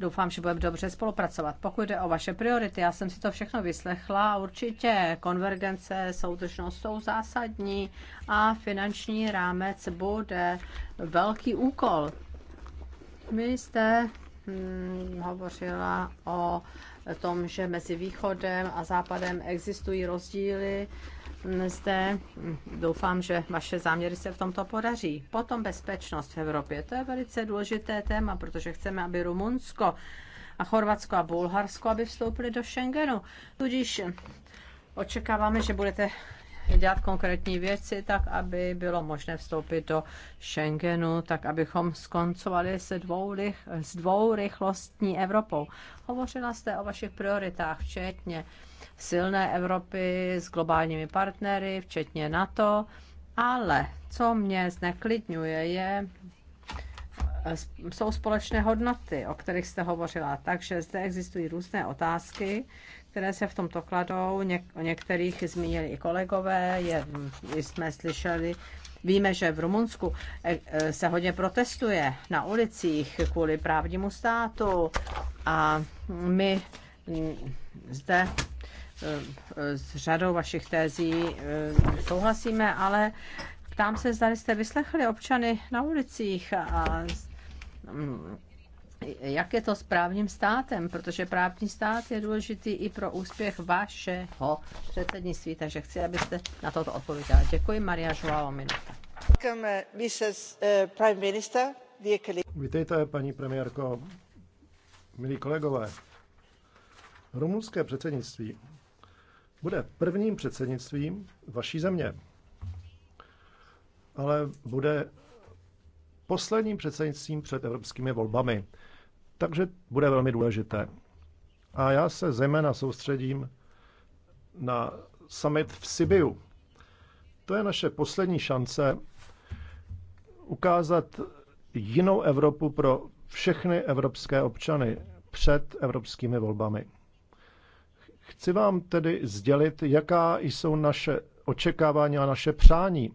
Doufám, že budeme dobře spolupracovat. Pokud jde o vaše priority, já jsem si to všechno vyslechla. Určitě konvergence, soudržnost jsou zásadní a finanční rámec bude velký úkol. My jste hmm, hovořila o tom, že mezi východem a západem existují rozdíly zde doufám, že vaše záměry se v tomto podaří. Potom bezpečnost v Evropě. To je velice důležité téma, protože chceme, aby Rumunsko a Chorvatsko a Bulharsko, aby vstoupili do Schengenu. Tudíž očekáváme, že budete dělat konkrétní věci, tak aby bylo možné vstoupit do Schengenu, tak abychom skoncovali se dvou, s dvou rychlostní Evropou. Hovořila jste o vašich prioritách, včetně silné Evropy s globálními partnery, včetně NATO, ale co mě zneklidňuje, je, jsou společné hodnoty, o kterých jste hovořila. Takže zde existují různé otázky, které se v tomto kladou. Něk- o některých zmínili i kolegové, je, jsme slyšeli, Víme, že v Rumunsku e, e, se hodně protestuje na ulicích kvůli právnímu státu a my zde Eh, s řadou vašich tézí eh, souhlasíme, ale ptám se, zda jste vyslechli občany na ulicích a mm, jak je to s právním státem, protože právní stát je důležitý i pro úspěch vašeho předsednictví, takže chci, abyste na toto odpověděla. Děkuji, Maria Joao Minuta. Uh, uh, Vítejte, paní premiérko, milí kolegové. Rumunské předsednictví bude prvním předsednictvím vaší země, ale bude posledním předsednictvím před evropskými volbami. Takže bude velmi důležité. A já se zejména soustředím na summit v Sibiu. To je naše poslední šance ukázat jinou Evropu pro všechny evropské občany před evropskými volbami. Chci vám tedy sdělit, jaká jsou naše očekávání a naše přání.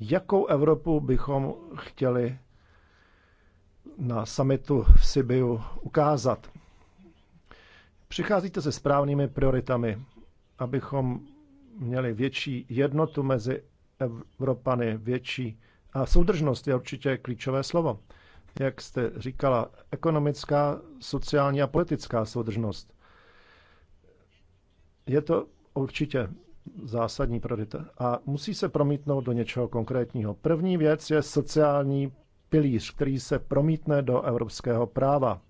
Jakou Evropu bychom chtěli na samitu v Sibiu ukázat? Přicházíte se správnými prioritami, abychom měli větší jednotu mezi Evropany, větší a soudržnost je určitě klíčové slovo. Jak jste říkala, ekonomická, sociální a politická soudržnost. Je to určitě zásadní priorita a musí se promítnout do něčeho konkrétního. První věc je sociální pilíř, který se promítne do evropského práva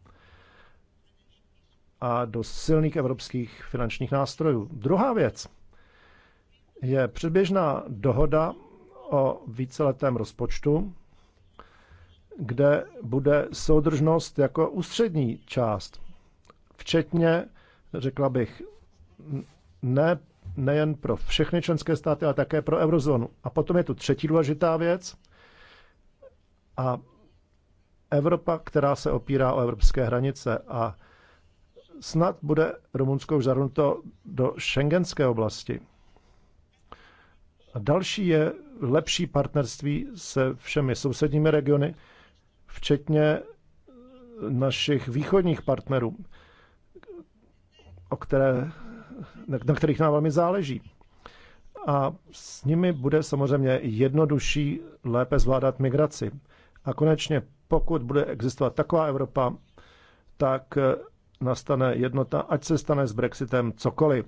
a do silných evropských finančních nástrojů. Druhá věc je předběžná dohoda o víceletém rozpočtu, kde bude soudržnost jako ústřední část, včetně, řekla bych, ne, nejen pro všechny členské státy, ale také pro eurozónu. A potom je tu třetí důležitá věc. A Evropa, která se opírá o evropské hranice a snad bude Rumunsko už zahrnuto do šengenské oblasti. A další je lepší partnerství se všemi sousedními regiony, včetně našich východních partnerů, o které na kterých nám velmi záleží. A s nimi bude samozřejmě jednodušší lépe zvládat migraci. A konečně, pokud bude existovat taková Evropa, tak eh, nastane jednota, ať se stane s Brexitem cokoliv.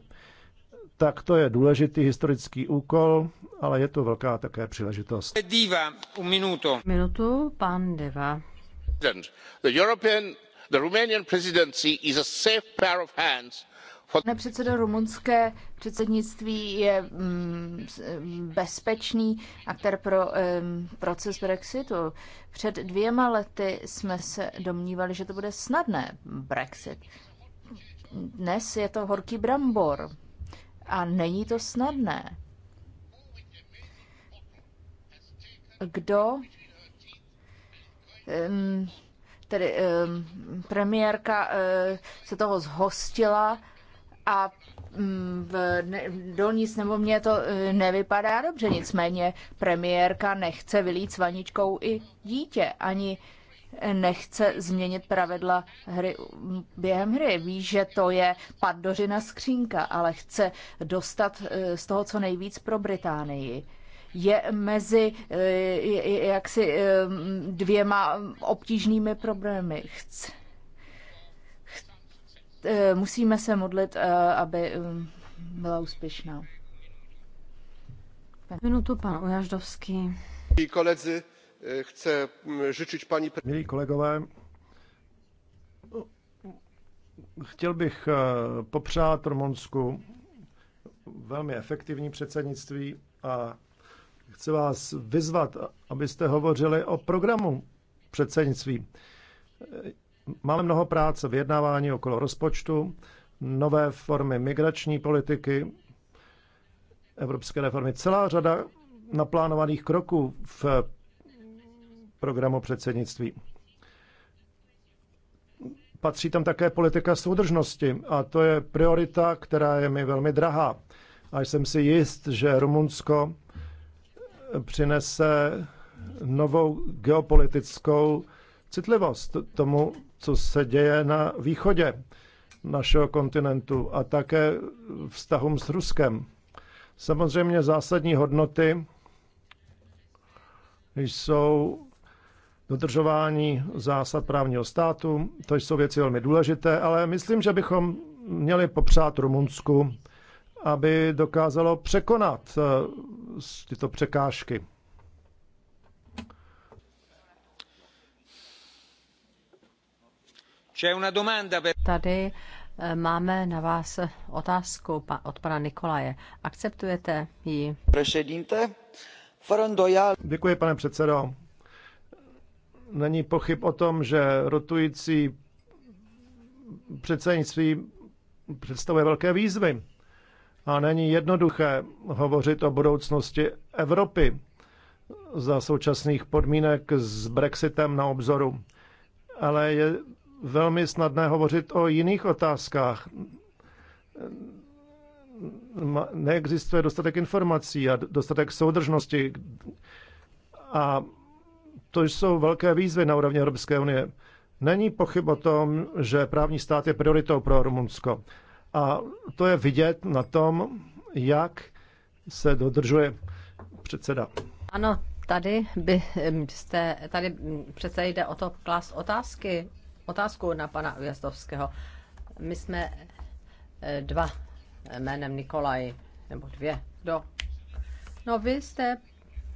Tak to je důležitý historický úkol, ale je to velká také příležitost. Diva, un minuto. Minutu, pan Deva. The European, the Romanian presidency is a safe pair of hands Pane předsedo, rumunské předsednictví je mm, bezpečný aktér pro proces Brexitu. Před dvěma lety jsme se domnívali, že to bude snadné Brexit. Dnes je to horký brambor a není to snadné. Kdo tedy premiérka eh, se toho zhostila a mm, v dolní sněmovně to e, nevypadá dobře, nicméně premiérka nechce vylít s vaničkou i dítě, ani nechce změnit pravidla hry během hry. Ví, že to je paddořina skřínka, ale chce dostat e, z toho co nejvíc pro Británii. Je mezi e, jaksi dvěma obtížnými problémy. Chce Eh, musíme se modlit, eh, aby eh, byla úspěšná. Minutu pan Ujaždovský. Koledzy, chce życzyć mm, pani... Milí kolegové, chtěl bych popřát Rumunsku velmi efektivní předsednictví a chci vás vyzvat, abyste hovořili o programu předsednictví Máme mnoho práce, jednávání okolo rozpočtu, nové formy migrační politiky, evropské reformy. Celá řada naplánovaných kroků v programu předsednictví. Patří tam také politika soudržnosti a to je priorita, která je mi velmi drahá. A jsem si jist, že Rumunsko přinese novou geopolitickou citlivost tomu co se děje na východě našeho kontinentu a také vztahům s Ruskem. Samozřejmě zásadní hodnoty jsou dodržování zásad právního státu, to jsou věci velmi důležité, ale myslím, že bychom měli popřát Rumunsku, aby dokázalo překonat eh, tyto překážky. Tady eh, máme na vás otázku od pana Nikolaje. Akceptujete ji? Děkuji, pane předsedo. Není pochyb o tom, že rotující předsednictví představuje velké výzvy. A není jednoduché hovořit o budoucnosti Evropy za současných podmínek s Brexitem na obzoru. Ale je velmi snadné hovořit o jiných otázkách. Neexistuje dostatek informací a dostatek soudržnosti. A to jsou velké výzvy na úrovni Evropské unie. Není pochyb o tom, že právní stát je prioritou pro Rumunsko. A to je vidět na tom, jak se dodržuje předseda. Ano, tady byste, tady přece jde o to klas otázky otázku na pana Ujazdovského. My jsme eh, dva jménem Nikolaj, nebo dvě, do. No vy jste,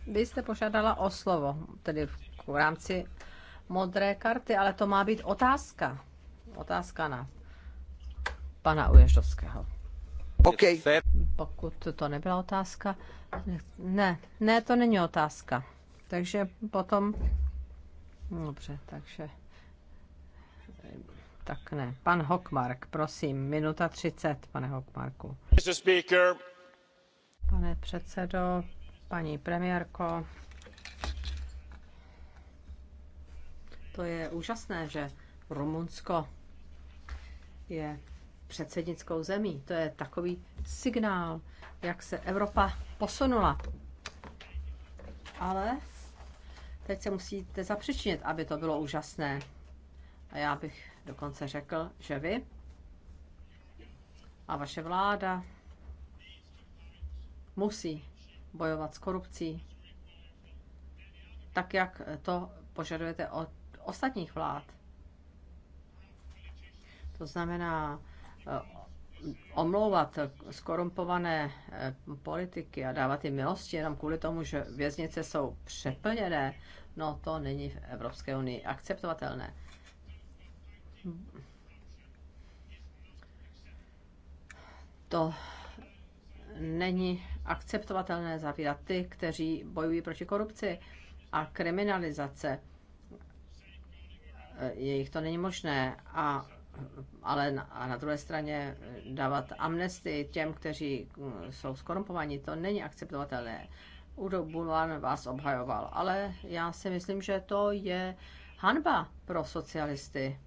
vy jste požádala o slovo, tedy v rámci modré karty, ale to má být otázka. Otázka na pana Uježdovského. Okay. Pokud to nebyla otázka, ne, ne, to není otázka. Takže potom, dobře, takže tak ne. Pan Hokmark, prosím, minuta 30, pane Hokmarku. Pane předsedo, paní premiérko, to je úžasné, že Rumunsko je předsednickou zemí. To je takový signál, jak se Evropa posunula. Ale teď se musíte zapřičinit, aby to bylo úžasné. A já bych dokonce řekl, že vy a vaše vláda musí bojovat s korupcí, tak jak to požadujete od ostatních vlád. To znamená eh, omlouvat skorumpované eh, politiky a dávat jim milosti jenom kvůli tomu, že věznice jsou přeplněné, no to není v Evropské unii akceptovatelné. To není akceptovatelné zavírat ty, kteří bojují proti korupci a kriminalizace. Jejich to není možné, a, ale na, a na druhé straně dávat amnestii těm, kteří mm, jsou skorumpovaní, to není akceptovatelné. Udo Bulan vás obhajoval, ale já si myslím, že to je hanba pro socialisty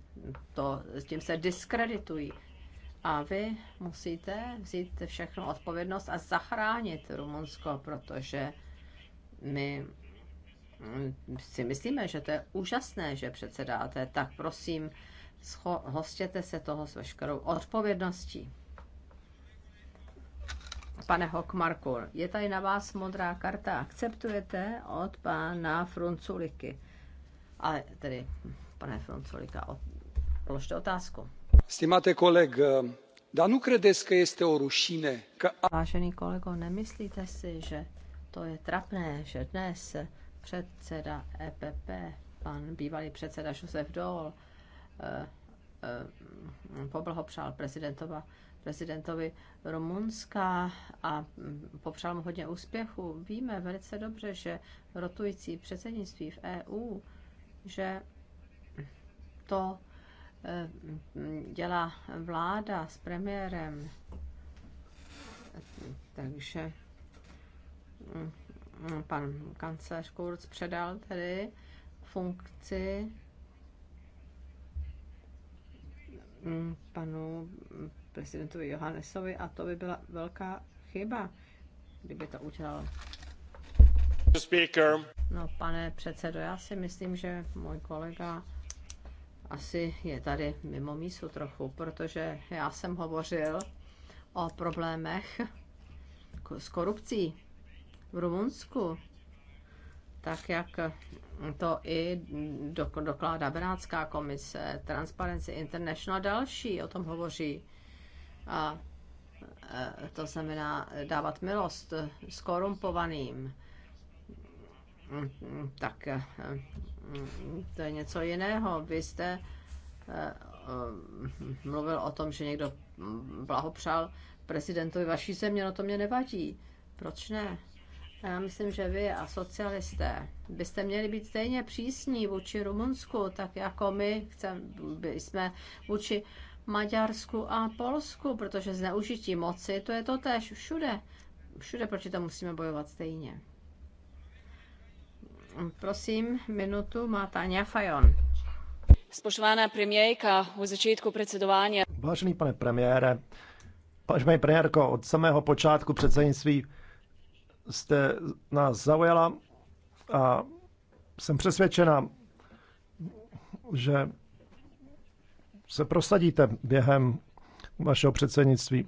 to, tím se diskreditují. A vy musíte vzít všechno odpovědnost a zachránit Rumunsko, protože my mm, si myslíme, že to je úžasné, že předsedáte, tak prosím, hostěte se toho s veškerou odpovědností. Pane Hokmarku, je tady na vás modrá karta. Akceptujete od pana Frunculiky? Ale tedy, pane Frunculika, od, položte otázku. Vážený kolego, nemyslíte si, že to je trapné, že dnes předseda EPP, pan bývalý předseda Josef Dole, eh, eh poblhopřál prezidentova prezidentovi Rumunska a popřál mu hodně úspěchu. Víme velice dobře, že rotující předsednictví v EU, že to Eh, dělá vláda s premiérem. Takže mm, pan kancelář Kurz předal tedy funkci mm, panu prezidentovi Johannesovi a to by byla velká chyba, kdyby to udělal. No, pane předsedo, já si myslím, že můj kolega asi je tady mimo mísu trochu, protože já jsem hovořil o problémech s korupcí v Rumunsku, tak jak to i dokládá Benátská komise, Transparency International a další o tom hovoří. A e, to znamená dávat milost skorumpovaným. Mm, mm, tak e, to je něco jiného. Vy jste eh, mluvil o tom, že někdo blahopřál prezidentovi vaší země, no to mě nevadí. Proč ne? Já myslím, že vy a socialisté byste měli být stejně přísní vůči Rumunsku, tak jako my chcem, jsme vůči Maďarsku a Polsku, protože zneužití moci, to je to tež všude. Všude proti tomu musíme bojovat stejně. Prosím, minutu má Tania Fajon. Spoštovana premiérka, v začátku předsedování. Vážený pane premiére, pane premiérko, od samého počátku předsednictví jste nás zaujala a jsem přesvědčena, že se prosadíte během vašeho předsednictví.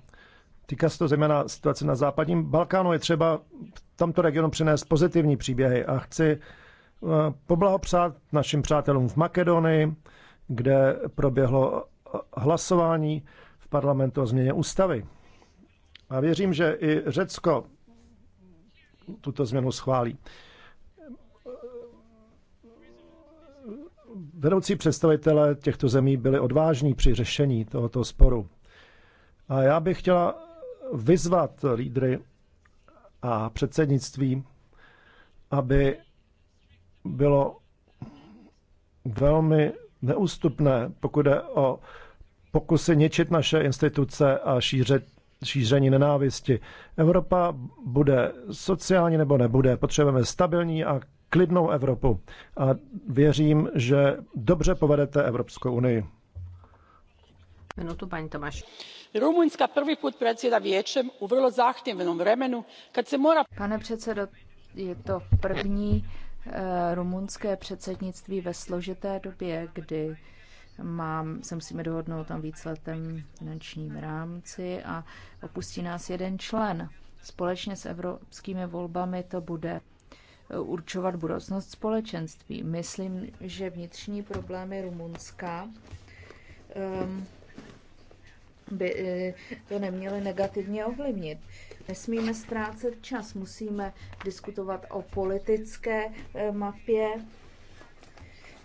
Týká se to zejména situace na západním Balkánu. Je třeba v tomto regionu přinést pozitivní příběhy a chci eh, poblahopřát našim přátelům v Makedonii, kde proběhlo eh, hlasování v parlamentu o změně ústavy. A věřím, že i Řecko tuto změnu schválí. Vedoucí představitelé těchto zemí byli odvážní při řešení tohoto sporu. A já bych chtěla vyzvat lídry a předsednictví, aby bylo velmi neústupné, pokud jde o pokusy ničit naše instituce a šířit šíření nenávisti. Evropa bude sociální nebo nebude. Potřebujeme stabilní a klidnou Evropu. A věřím, že dobře povedete Evropskou unii. Minutu, paní Tomáš rumunjska prvi put predsjeda vijećem u vrlo zahtjevnom vremenu kad se mora. pane předsedo je to první eh, rumunské předsednictví ve složité době kdy mám, se musíme dohodnout tam víceletém finančním rámci a opustí nás jeden člen. Společně s evropskými volbami to bude eh, určovat budoucnost společenství. Myslím, že vnitřní problémy Rumunska um, by eh, to neměly negativně ovlivnit. Nesmíme ztrácet čas, musíme diskutovat o politické eh, mapě.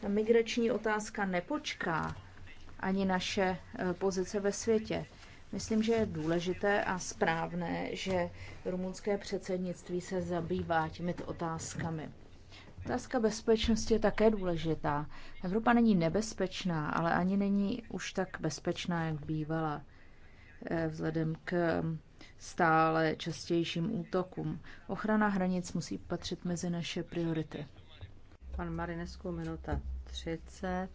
Migrační otázka nepočká ani naše eh, pozice ve světě. Myslím, že je důležité a správné, že rumunské předsednictví se zabývá těmito otázkami. Otázka bezpečnosti je také důležitá. Evropa není nebezpečná, ale ani není už tak bezpečná, jak bývala. Eh, vzhledem k stále častějším útokům. Ochrana hranic musí patřit mezi naše priority. Pan Marinesku, minuta 30.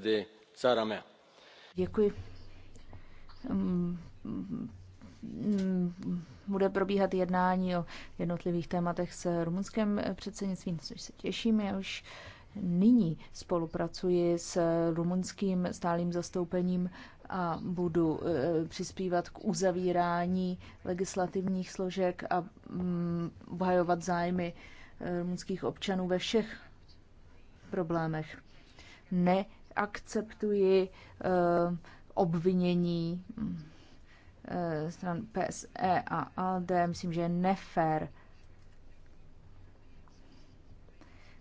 de Děkuji. Mm, mm, bude probíhat jednání o jednotlivých tématech s rumunským předsednictvím, což se těším. Já už Nyní spolupracuji s rumunským stálým zastoupením a budu eh, přispívat k uzavírání legislativních složek a mm, obhajovat zájmy eh, rumunských občanů ve všech problémech. Neakceptuji eh, obvinění mm, stran PSE a ALDE. Myslím, že je nefér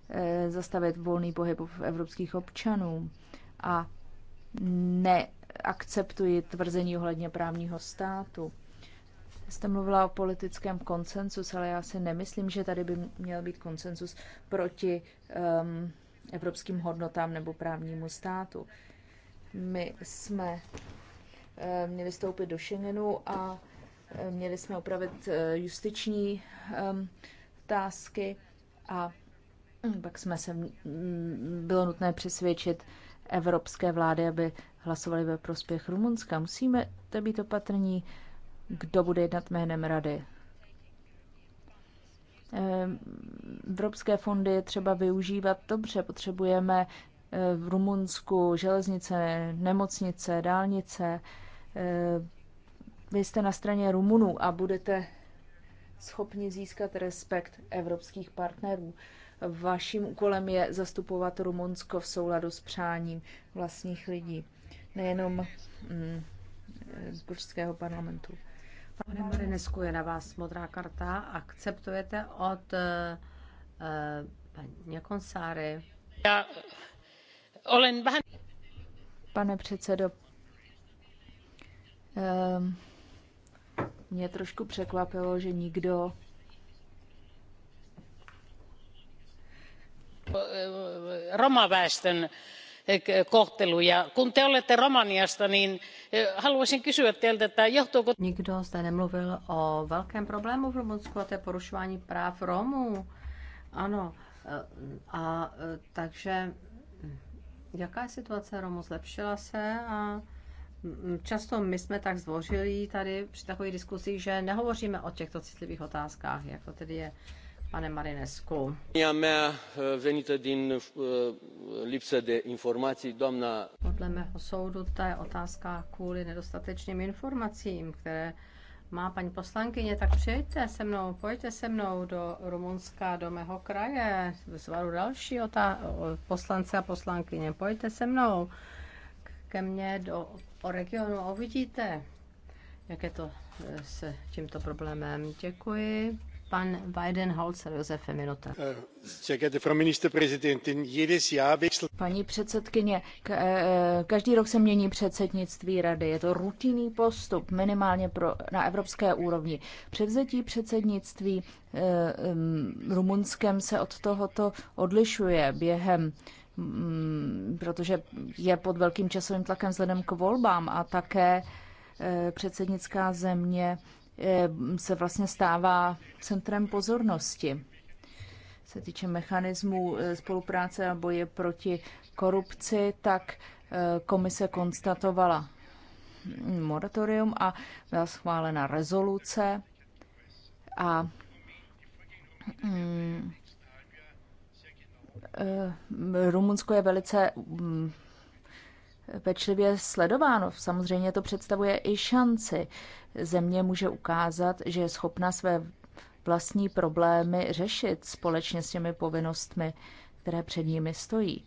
Eh, zastavit volný pohyb evropských občanů a neakceptuji tvrzení ohledně právního státu. Jste mluvila o politickém konsensus, ale já si nemyslím, že tady by měl být konsensus proti um, evropským hodnotám nebo právnímu státu. My jsme um, měli vstoupit do Schengenu a um, měli jsme upravit uh, justiční um, ehm, tásky a Hm, pak jsme se, bylo nutné přesvědčit evropské vlády, aby hlasovali ve prospěch Rumunska. Musíme to být opatrní, kdo bude jednat jménem rady. Ehm, evropské fondy je třeba využívat dobře. Potřebujeme eh, v Rumunsku železnice, nemocnice, dálnice. Eh, vy jste na straně Rumunů a budete schopni získat respekt evropských partnerů. Vaším úkolem je zastupovat Rumunsko v souladu s přáním vlastních lidí, nejenom mm, z Božského parlamentu. Pane Marinesku, je na vás modrá karta. Akceptujete od uh, paní Konsáry? Pane předsedo, uh, mě trošku překvapilo, že nikdo Eh, romaväestön eh, ja Kun te olette Romaniasta, niin eh, haluaisin kysyä teiltä, että johtuuko... Nikdo zde nemluvil o velkém problému v Rumunsku, a to je porušování práv Romů. Ano, a takže hm, jaká je situace Romů? Zlepšila se a hm, často my jsme tak zdvořili tady při takových diskusích, že nehovoříme o těchto citlivých otázkách, jako tedy je pane Marinescu. mea eh, venită din eh, lipsă de informații, doamna... Podle mého soudu to je otázka kvůli nedostatečným informacím, které má paní poslankyně, tak přijďte se mnou, pojďte se mnou do Rumunska, do mého kraje, zvaru další otá- poslance a poslankyně, pojďte se mnou ke mně do o regionu a uvidíte, jak je to eh, se tímto problémem. Děkuji. Eh, Paní předsedkyně, eh, eh, každý rok se mění předsednictví rady. Je to rutinný postup, minimálně pro, na evropské úrovni. Převzetí předsednictví Rumunskem se od tohoto odlišuje během mm, protože je pod velkým časovým tlakem vzhledem k volbám a také předsednická země Eh, se vlastně stává centrem pozornosti. Se týče mechanismů eh, spolupráce a boje proti korupci, tak eh, komise konstatovala moratorium a byla schválena rezoluce a mm, Rumunsko je velice mm, pečlivě sledováno. Samozřejmě to představuje i šanci. Země může ukázat, že je schopna své vlastní problémy řešit společně s těmi povinnostmi, které před nimi stojí.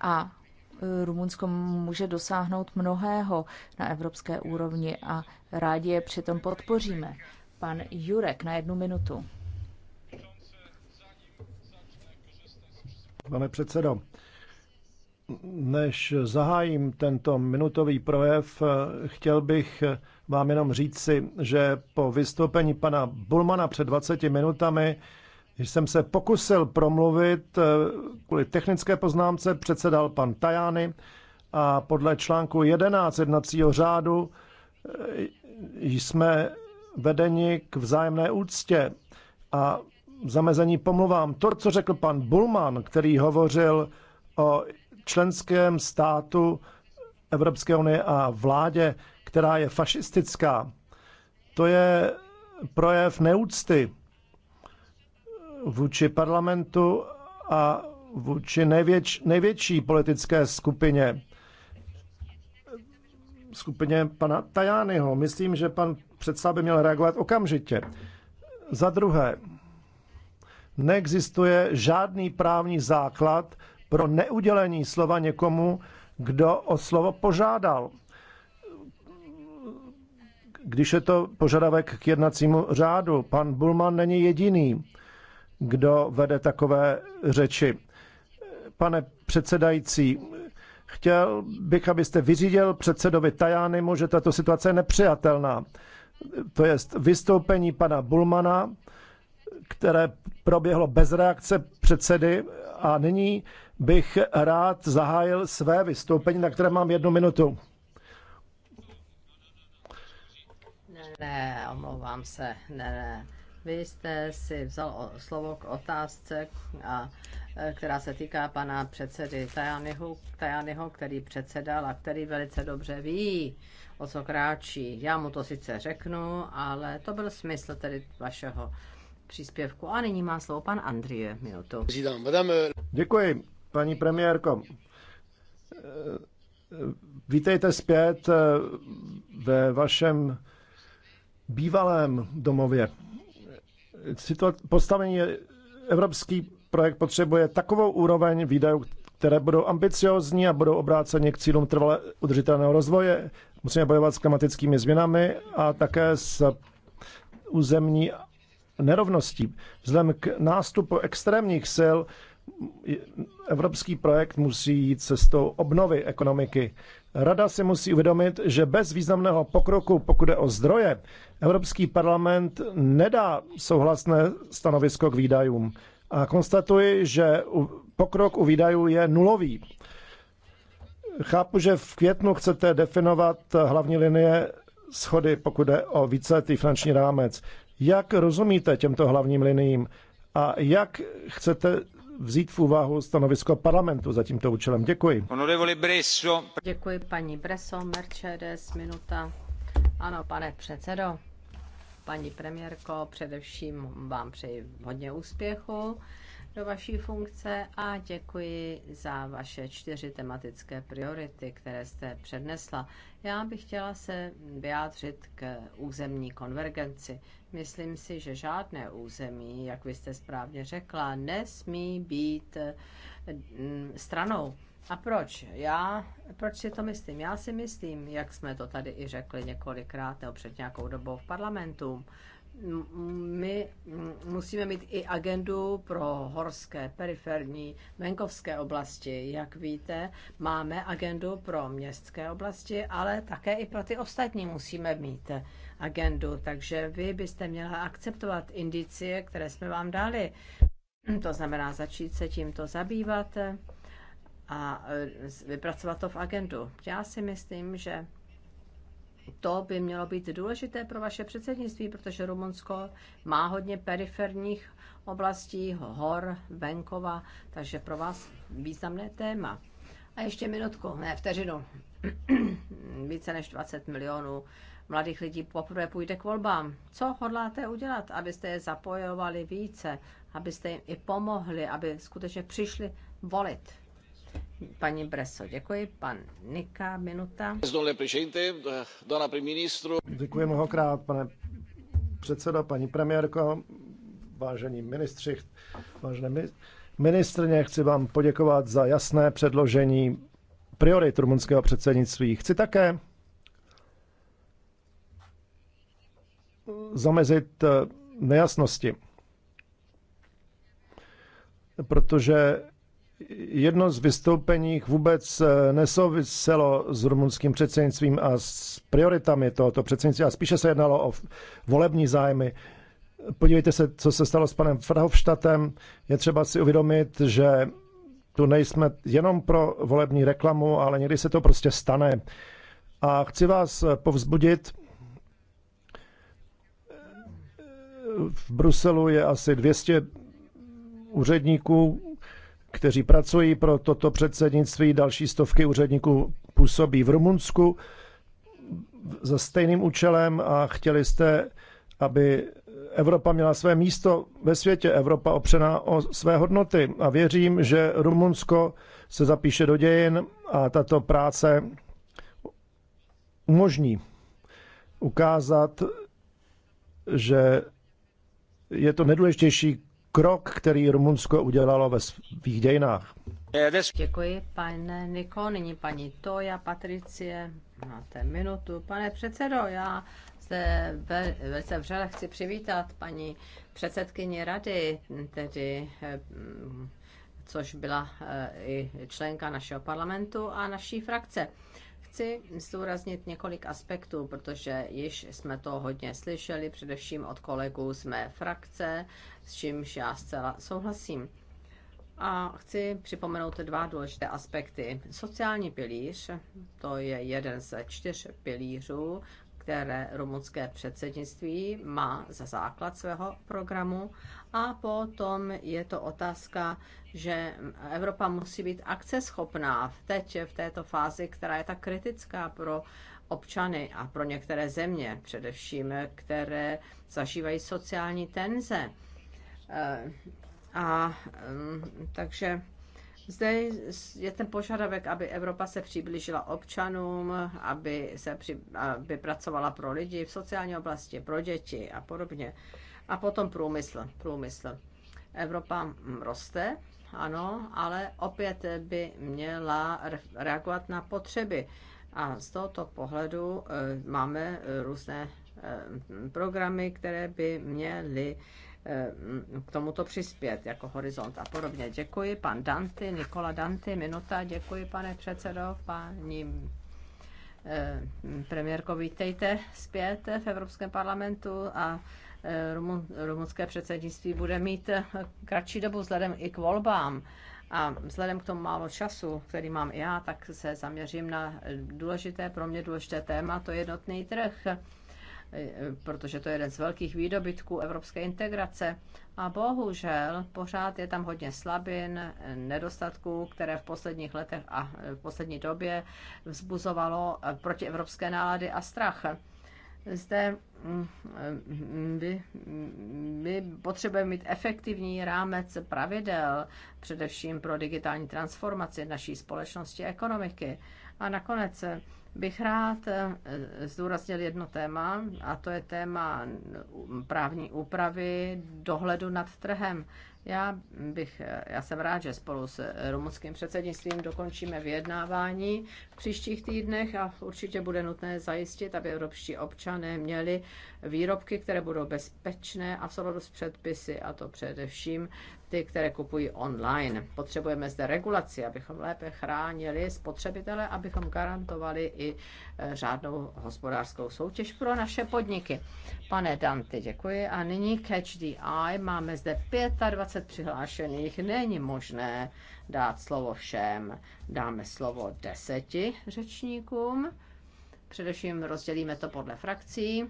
A e, Rumunsko může dosáhnout mnohého na evropské úrovni a rádi je přitom podpoříme. Pan Jurek na jednu minutu. Pane předsedo, než zahájím tento minutový projev, chtěl bych vám jenom říci, že po vystoupení pana Bulmana před 20 minutami jsem se pokusil promluvit eh, kvůli technické poznámce, předsedal pan Tajány a podle článku 11 jednacího řádu eh, jsme vedeni k vzájemné úctě a zamezení pomluvám. To, co řekl pan Bulman, který hovořil o členském státu Evropské unie a vládě, která je fašistická, to je projev neúcty vůči parlamentu a vůči největš, největší politické skupině, skupině pana Tajányho. Myslím, že pan předseda by měl reagovat okamžitě. Za druhé, neexistuje žádný právní základ pro neudělení slova někomu, kdo o slovo požádal. Když je to požadavek k jednacímu řádu, pan Bulman není jediný, kdo vede takové řeči. Pane předsedající, chtěl bych, abyste vyřídil předsedovi Tajánimu, že tato situace je nepřijatelná. To je vystoupení pana Bulmana, které proběhlo bez reakce předsedy a nyní bych rád zahájil své vystoupení, na které mám jednu minutu. Ne, ne, omlouvám se, ne, ne. Vy jste si vzal slovo k otázce, a, která se týká pana předsedy Tajanyho, Tajanyho, který předsedal a který velice dobře ví, o co kráčí. Já mu to sice řeknu, ale to byl smysl tedy vašeho příspěvku. A nyní má slovo pan Andrie minutu. Děkuji. Paní premiérko, vítejte zpět eh, ve vašem bývalém domově. Postavení evropský projekt potřebuje takovou úroveň výdajů, které budou ambiciozní a budou obráceni k cílům trvale udržitelného rozvoje. Musíme bojovat s klimatickými změnami a také s územní nerovností. Vzhledem k nástupu extrémních sil evropský projekt musí jít cestou obnovy ekonomiky. Rada si musí uvědomit, že bez významného pokroku, pokud je o zdroje, Evropský parlament nedá souhlasné stanovisko k výdajům. A konstatuji, že pokrok u výdajů je nulový. Chápu, že v květnu chcete definovat hlavní linie schody, pokud jde o víceletý finanční rámec. Jak rozumíte těmto hlavním liniím a jak chcete vzít v úvahu stanovisko parlamentu za tímto účelem. Děkuji. Děkuji paní Bresso. Mercedes, minuta. Ano, pane předsedo, paní premiérko, především vám přeji hodně úspěchu do vaší funkce a děkuji za vaše čtyři tematické priority, které jste přednesla. Já bych chtěla se vyjádřit k územní konvergenci. Myslím si, že žádné území, jak vy jste správně řekla, nesmí být mm, stranou. A proč? Já, proč si to myslím? Já si myslím, jak jsme to tady i řekli několikrát nebo před nějakou dobou v parlamentu, my musíme mít i agendu pro horské, periferní, venkovské oblasti. Jak víte, máme agendu pro městské oblasti, ale také i pro ty ostatní musíme mít agendu. Takže vy byste měla akceptovat indicie, které jsme vám dali. To znamená začít se tímto zabývat a vypracovat to v agendu. Já si myslím, že to by mělo být důležité pro vaše předsednictví, protože Rumunsko má hodně periferních oblastí, hor, venkova, takže pro vás významné téma. A ještě minutku, ne, vteřinu. Více než 20 milionů mladých lidí poprvé půjde k volbám. Co hodláte udělat, abyste je zapojovali více, abyste jim i pomohli, aby skutečně přišli volit? Paní Breso, děkuji. Pan Nika, minuta. Děkuji mnohokrát, pane předsedo, paní premiérko, vážení ministři, vážené ministrně, chci vám poděkovat za jasné předložení priorit rumunského předsednictví. Chci také zamezit eh, nejasnosti, protože jedno z vystoupení vůbec eh, nesouviselo s rumunským předsednictvím a s prioritami tohoto předsednictví, a spíše se jednalo o volební zájmy. Podívejte se, co se stalo s panem Frahovštatem. Je třeba si uvědomit, že tu nejsme jenom pro volební reklamu, ale někdy se to prostě stane. A chci vás povzbudit. V Bruselu je asi 200 úředníků, kteří pracují pro toto předsednictví, další stovky úředníků působí v Rumunsku za stejným účelem a chtěli jste, aby Evropa měla své místo ve světě, Evropa opřená o své hodnoty. A věřím, že Rumunsko se zapíše do dějin a tato práce umožní ukázat, že je to nejdůležitější krok, který Rumunsko udělalo ve svých dějinách. Děkuji, pane Niko. Nyní paní Toja, Patricie, máte minutu. Pane předsedo, já se velice vřele chci přivítat paní předsedkyni rady, tedy eh, což byla eh, i členka našeho parlamentu a naší frakce. Chci zdůraznit několik aspektů, protože již jsme to hodně slyšeli, především od kolegů z mé frakce, s čímž já zcela souhlasím. A chci připomenout dva důležité aspekty. Sociální pilíř, to je jeden ze čtyř pilířů, které rumunské předsednictví má za základ svého programu. A potom je to otázka, že Evropa musí být akceschopná v teď, v této fázi, která je tak kritická pro občany a pro některé země, především které zažívají sociální tenze. Eh, a mm, takže zde je ten požadavek, aby Evropa se přiblížila občanům, aby, se při, aby pracovala pro lidi v sociální oblasti, pro děti a podobně. A potom průmysl. průmysl. Evropa mm, roste, ano, ale opět by měla reagovat na potřeby. A z tohoto pohledu e, máme různé e, programy, které by měly Eh, k tomuto přispět jako horizont a podobně. Děkuji, pan Danty, Nikola Danty, minuta, děkuji, pane předsedo, paní eh, premiérko, vítejte zpět v Evropském parlamentu a eh, rumunské předsednictví bude mít kratší dobu vzhledem i k volbám. A vzhledem k tomu málo času, který mám já, tak se zaměřím na důležité, pro mě důležité téma, to je jednotný trh protože to je jeden z velkých výdobytků evropské integrace. A bohužel pořád je tam hodně slabin, nedostatků, které v posledních letech a v poslední době vzbuzovalo protievropské nálady a strach zde mm, mm, my, mm, my potřebujeme mít efektivní rámec pravidel, především pro digitální transformaci naší společnosti a ekonomiky. A nakonec bych rád eh, zdůraznil jedno téma, a to je téma právní úpravy dohledu nad trhem. Já, bych, eh, já jsem rád, že spolu s eh, rumunským předsednictvím dokončíme vyjednávání v příštích týdnech a určitě bude nutné zajistit, aby evropští občané měli výrobky, které budou bezpečné a v souladu s předpisy, a to především ty, které kupují online. Potřebujeme zde regulaci, abychom lépe chránili spotřebitele, abychom garantovali i e, řádnou hospodářskou soutěž pro naše podniky. Pane Dante, děkuji. A nyní Catch the Eye. Máme zde 25 přihlášených. Není možné dát slovo všem. Dáme slovo deseti řečníkům. Především rozdělíme to podle frakcí,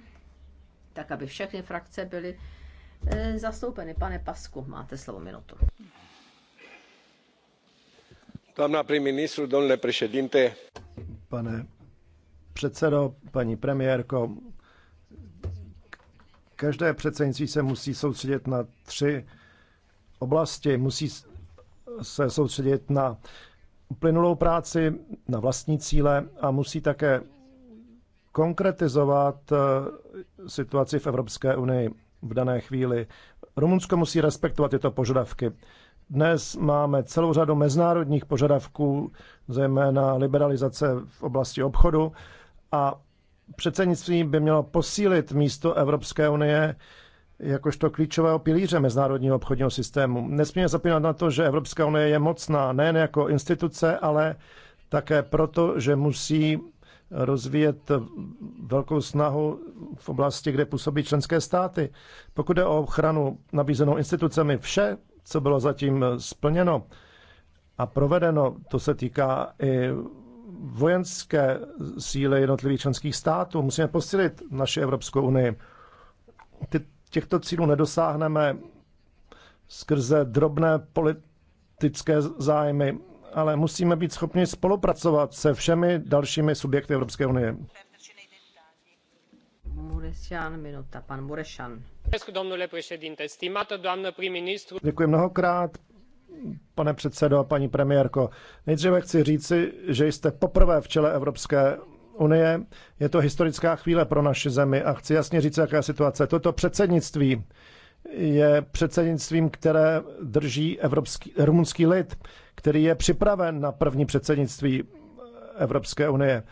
tak aby všechny frakce byly E, zastoupeny. Pane Pasku, máte slovo minutu. Doamna prim-ministru, domnule președinte. Pane předsedo, paní premiérko, každé předsednictví se musí soustředit na tři oblasti. Musí se soustředit na uplynulou práci, na vlastní cíle a musí také konkretizovat e, situaci v Evropské unii v dané chvíli. Rumunsko musí respektovat tyto požadavky. Dnes máme celou řadu mezinárodních požadavků, zejména liberalizace v oblasti obchodu a předsednictví by mělo posílit místo Evropské unie jakožto klíčového pilíře mezinárodního obchodního systému. Nesmíme zapínat na to, že Evropská unie je mocná nejen jako instituce, ale také proto, že musí rozvíjet velkou snahu v oblasti, kde působí členské státy. Pokud jde o ochranu nabízenou institucemi, vše, co bylo zatím splněno a provedeno, to se týká i vojenské síly jednotlivých členských států. Musíme posílit naši Evropskou unii. Ty, těchto cílů nedosáhneme skrze drobné politické zájmy ale musíme být schopni spolupracovat se všemi dalšími subjekty Evropské unie. minuta, pan Děkuji mnohokrát, pane předsedo a paní premiérko. Nejdříve chci říci, že jste poprvé v čele Evropské unie. Je to historická chvíle pro naši zemi a chci jasně říct, jaká je situace. Toto předsednictví je předsednictvím, které drží evropský, rumunský lid, který je připraven na první předsednictví Evropské unie.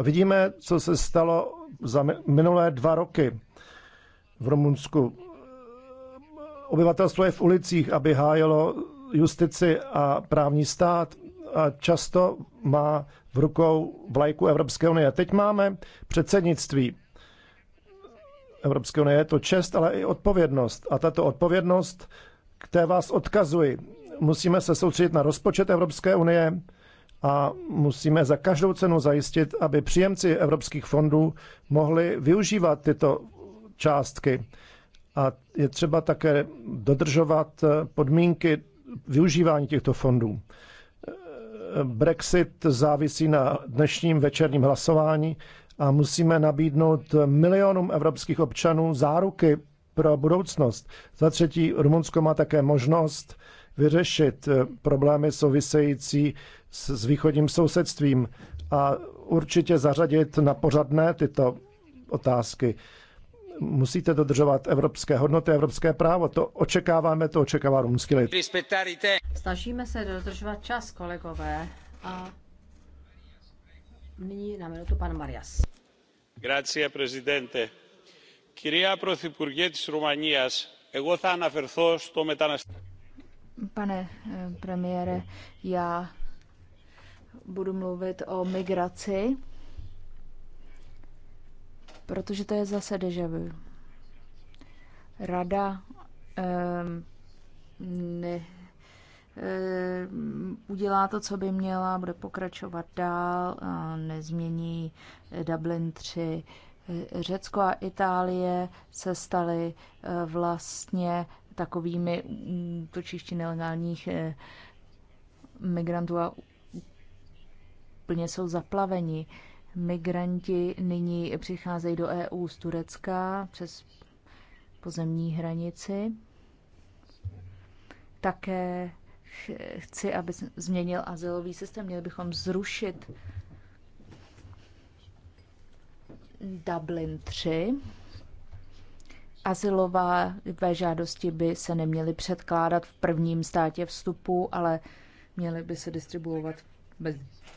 Vidíme, co se stalo za minulé dva roky v Rumunsku. Obyvatelstvo je v ulicích, aby hájelo justici a právní stát a často má v rukou vlajku Evropské unie. Teď máme předsednictví Evropské unie. Je to čest, ale i odpovědnost. A tato odpovědnost, které vás odkazuji, musíme se soustředit na rozpočet Evropské unie a musíme za každou cenu zajistit, aby příjemci evropských fondů mohli využívat tyto částky. A je třeba také dodržovat podmínky využívání těchto fondů. Brexit závisí na dnešním večerním hlasování a musíme nabídnout milionům evropských občanů záruky pro budoucnost. Za třetí, Rumunsko má také možnost vyřešit eh, problémy související s, s východním sousedstvím a určitě zařadit na pořadné tyto otázky. Musíte dodržovat evropské hodnoty, evropské právo. To očekáváme, to očekává rumunský lid. Snažíme se dodržovat čas, kolegové. A Nyní na minutu pan prezidente. Pane premiére, já budu mluvit o migraci, protože to je zase deja vu. Rada um, Eh, udělá to, co by měla, bude pokračovat dál, nezmění Dublin 3. Eh, Řecko a Itálie se staly eh, vlastně takovými mm, točišti nelegálních migrantů a úplně jsou zaplaveni. Migranti nyní přicházejí do EU z Turecka přes pozemní hranici. Také chci, aby změnil azylový systém. Měli bychom zrušit Dublin 3. Azylové žádosti by se neměly předkládat v prvním státě vstupu, ale měly by se distribuovat bez,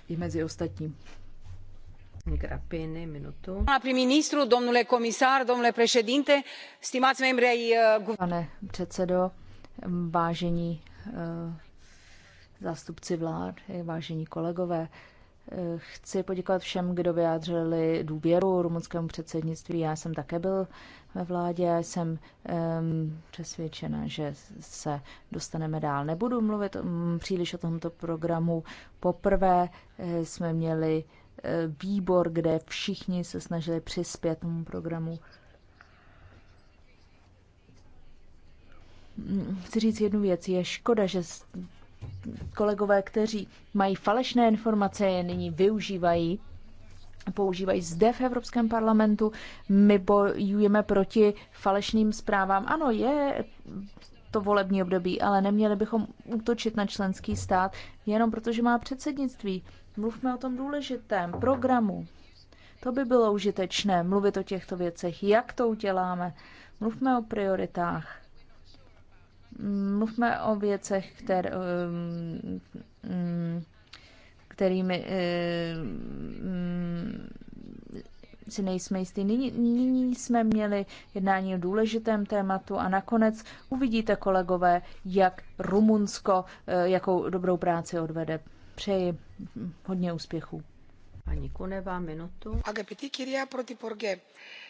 i mezi ostatním. Grapini, minutu. Pane prim-ministru, domnule comisar, domnule președinte, stimați membri ai... Uh, Pane předsedo, vážení Eh, zástupci vlád, vážení kolegové. Eh, chci poděkovat všem, kdo vyjádřili důvěru rumunskému předsednictví. Já jsem také byl ve vládě a jsem um, přesvědčena, že se dostaneme dál. Nebudu mluvit um, příliš o tomto programu. Poprvé uh, jsme měli uh, výbor, kde všichni se snažili přispět tomu programu. uh, chci říct jednu věc. Je škoda, že kolegové, kteří mají falešné informace, je nyní využívají používají zde v Evropském parlamentu. My bojujeme proti falešným zprávám. Ano, je to volební období, ale neměli bychom útočit na členský stát jenom protože má předsednictví. Mluvme o tom důležitém programu. To by bylo užitečné, mluvit o těchto věcech, jak to uděláme. Mluvme o prioritách. Mluvme o věcech, které, um, um, kterými um, si nejsme jistý. Nyní, nyní jsme měli jednání o důležitém tématu a nakonec uvidíte, kolegové, jak Rumunsko, eh, jakou dobrou práci odvede. Přeji hodně úspěchů. Pani Kuneva, minutu. Agapiti, kyria Porge.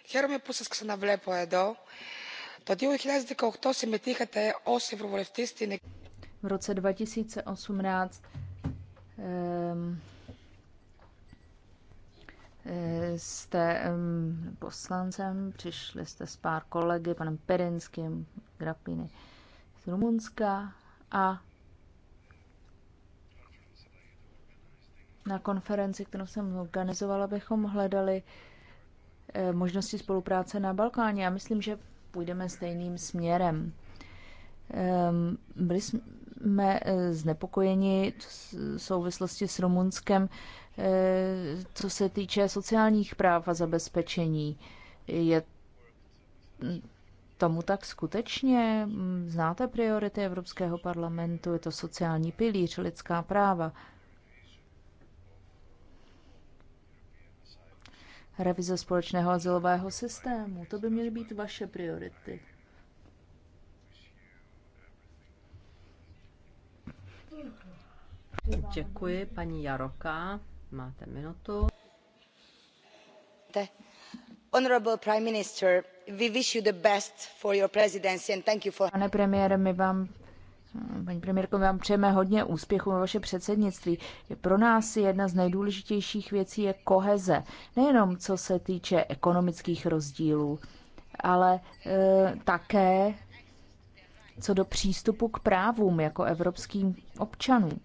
Chérome που σας ξαναβλέπω εδώ. Το 2018 συμμετείχατε ως στην... V roce 2018 um, jste um, poslancem, přišli jste s pár kolegy, panem Perinským, Grapiny z Rumunska a na konferenci, kterou jsem organizovala, bychom hledali eh, možnosti spolupráce na Balkáně. Já myslím, že půjdeme stejným směrem. Ehm, byli jsme eh, znepokojeni v souvislosti s Rumunskem, eh, co se týče sociálních práv a zabezpečení. Je tomu tak skutečně? Znáte priority Evropského parlamentu? Je to sociální pilíř, lidská práva. revize společného azylového systému. To by měly být vaše priority. Děkuji, paní Jaroka. Máte minutu. Honorable Prime Minister, we wish you the best for your presidency and thank you for... Pane premiére, my vám Paní premiérko, vám přejeme hodně úspěchu na vaše předsednictví. Pro nás jedna z nejdůležitějších věcí je koheze. Nejenom co se týče ekonomických rozdílů, ale e, také co do přístupu k právům jako evropským občanům.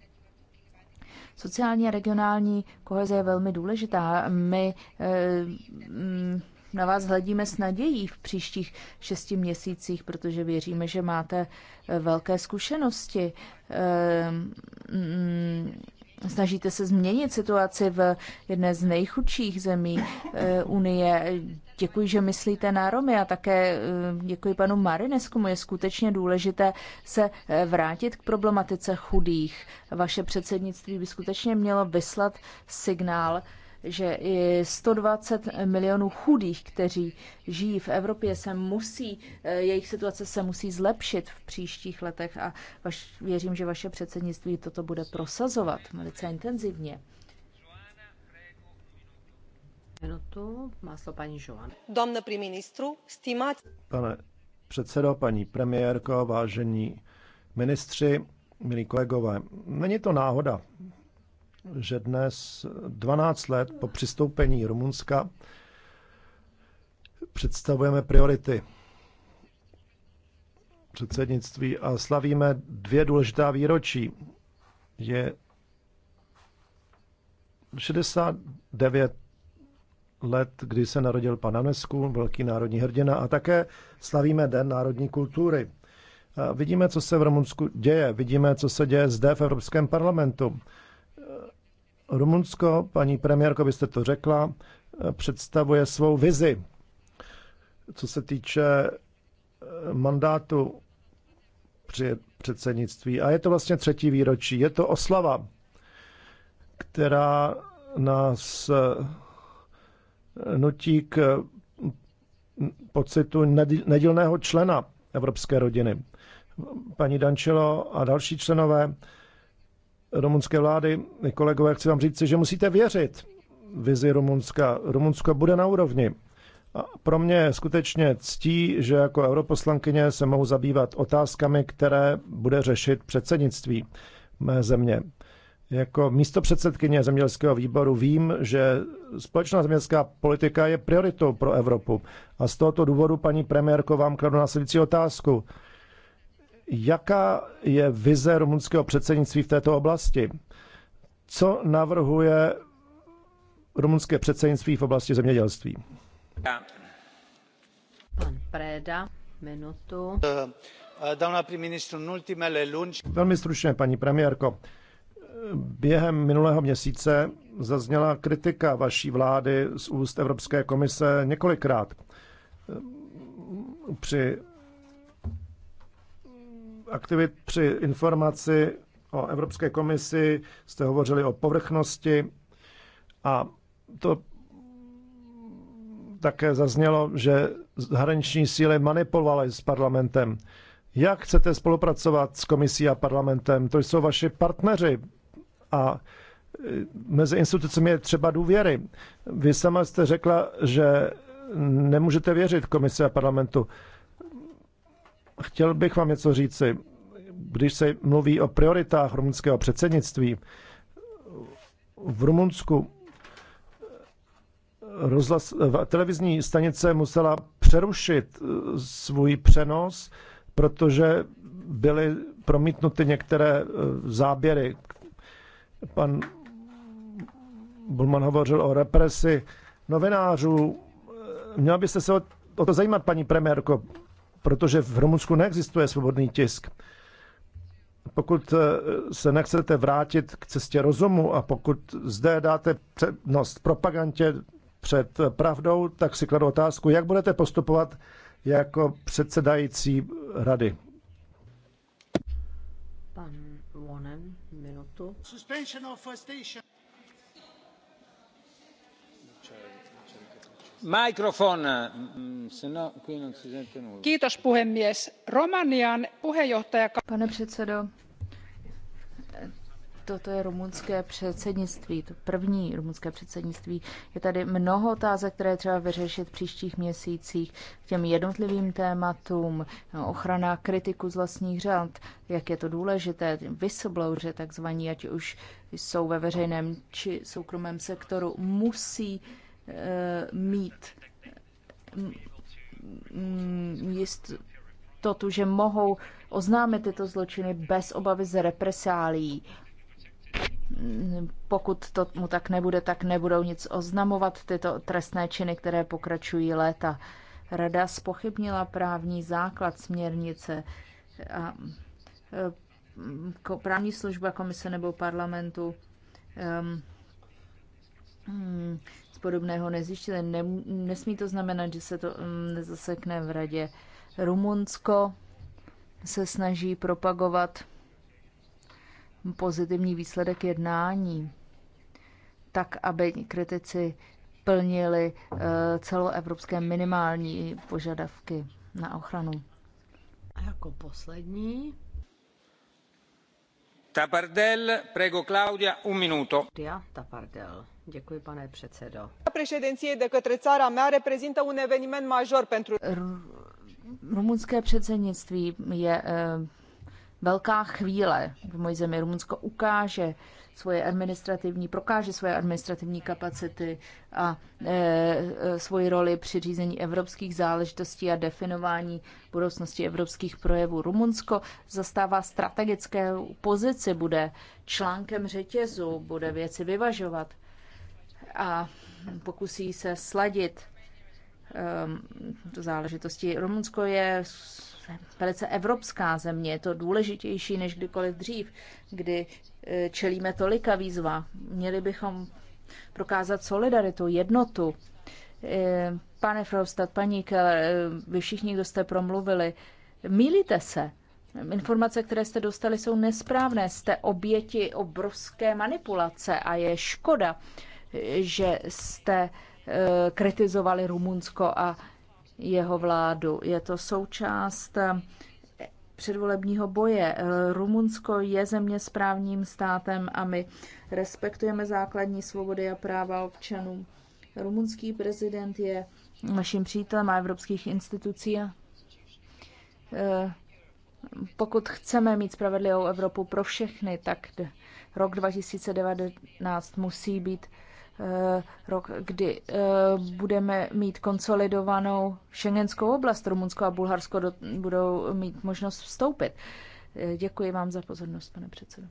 Sociální a regionální koheze je velmi důležitá. My e, m, na vás hledíme s nadějí v příštích šesti měsících, protože věříme, že máte eh, velké zkušenosti. Ehm, mm, snažíte se změnit situaci v jedné z nejchudších zemí eh, Unie. Děkuji, že myslíte na Romy a také eh, děkuji panu Marineskomu. je skutečně důležité se vrátit k problematice chudých. Vaše předsednictví by skutečně mělo vyslat signál, že i 120 milionů chudých, kteří žijí v Evropě, se musí, eh, jejich situace se musí zlepšit v příštích letech a vaš, věřím, že vaše předsednictví toto bude prosazovat velice intenzivně. Minutu má slovo paní ministru Pane předsedo, paní premiérko, vážení ministři, milí kolegové, není to náhoda, že dnes 12 let po přistoupení Rumunska představujeme priority předsednictví a slavíme dvě důležitá výročí. Je 69 let, kdy se narodil pan Anesku, velký národní hrdina, a také slavíme Den národní kultury. A vidíme, co se v Rumunsku děje, vidíme, co se děje zde v Evropském parlamentu. Rumunsko, paní premiérko, byste to řekla, eh, představuje svou vizi, co se týče eh, mandátu při předsednictví. A je to vlastně třetí výročí. Je to oslava, která nás eh, nutí k mm, pocitu nedílného člena evropské rodiny. Paní Dančelo a další členové rumunské vlády. Kolegové, chci vám říct, že musíte věřit vizi Rumunska. Rumunsko bude na úrovni. A pro mě je skutečně ctí, že jako europoslankyně se mohu zabývat otázkami, které bude řešit předsednictví mé země. Jako místo předsedkyně zemědělského výboru vím, že společná zemědělská politika je prioritou pro Evropu. A z tohoto důvodu, paní premiérko, vám kladu následující otázku. Jaká je vize rumunského předsednictví v této oblasti? Co navrhuje rumunské předsednictví v oblasti zemědělství? Pan Preda, minutu. Eh, Velmi stručně, paní premiérko. Během minulého měsíce zazněla kritika vaší vlády z úst Evropské komise několikrát. Eh, při aktivit při informaci o Evropské komisi, jste hovořili o povrchnosti a to také zaznělo, že zahraniční síly manipulovaly s parlamentem. Jak chcete spolupracovat s komisí a parlamentem? To jsou vaši partneři a e, mezi institucemi je třeba důvěry. Vy sama jste řekla, že nemůžete věřit komisi a parlamentu. Chtěl bych vám něco říci. Když se mluví o prioritách rumunského předsednictví, v Rumunsku rozhlas, televizní stanice musela přerušit eh, svůj přenos, protože byly promítnuty některé eh, záběry. Pan Bulman hovořil o represi novinářů. Měla byste se o to zajímat, paní premiérko protože v Rumunsku neexistuje svobodný tisk. Pokud eh, se nechcete vrátit k cestě rozumu a pokud zde dáte přednost propagandě před pravdou, tak si kladu otázku, jak budete postupovat jako předsedající rady. Pan Wonen, minutu. pane předsedající toto je rumunské předsednictví, to první rumunské předsednictví. Je tady mnoho otázek, které třeba vyřešit v příštích měsících k těm jednotlivým tématům, ochrana kritiku z vlastních řad, jak je to důležité, whistleblowers, takzvaní, ať už jsou ve veřejném či soukromém sektoru, musí Eh, mít mm, mm, jistotu, že mohou oznámit tyto zločiny bez obavy z represálí. Pokud to mu tak nebude, tak nebudou nic oznamovat tyto trestné činy, které pokračují léta. Rada spochybnila právní základ směrnice a eh, právní služba komise nebo parlamentu ehm, hmm, podobného nezjištěli. Ne, nesmí to znamenat, že se to mm, nezasekne v radě. Rumunsko se snaží propagovat pozitivní výsledek jednání, tak aby kritici plnili eh, celoevropské minimální požadavky na ochranu. A jako poslední Tapardel, prego Claudia, un Tapardel. pane de către țara mea reprezintă un eveniment major pentru... Rumunské předsednictví je eh, velká chvíle v mojí zemi. Rumunsko ukáže svoje administrativní, prokáže svoje administrativní kapacity a e, e, svoji roli při řízení evropských záležitostí a definování budoucnosti evropských projevů. Rumunsko zastává strategické pozici, bude článkem řetězu, bude věci vyvažovat a pokusí se sladit um, záležitosti. Rumunsko je velice evropská země. Je to důležitější než kdykoliv dřív, kdy e, čelíme tolika výzva. Měli bychom prokázat solidaritu, jednotu. E, pane Frostat, paní Keller, e, vy všichni, kdo jste promluvili, mílíte se. Informace, které jste dostali, jsou nesprávné. Jste oběti obrovské manipulace a je škoda, že jste kritizovali Rumunsko a jeho vládu. Je to součást eh, předvolebního boje. Eh, Rumunsko je země s právním státem a my respektujeme základní svobody a práva občanů. Rumunský prezident je naším přítelem a evropských institucí. Eh, pokud chceme mít spravedlivou Evropu pro všechny, tak rok 2019 musí být Eh, rok, kdy eh, budeme mít konsolidovanou šengenskou oblast. Rumunsko a Bulharsko do, budou mít možnost vstoupit. Eh, děkuji vám za pozornost, pane předsedo.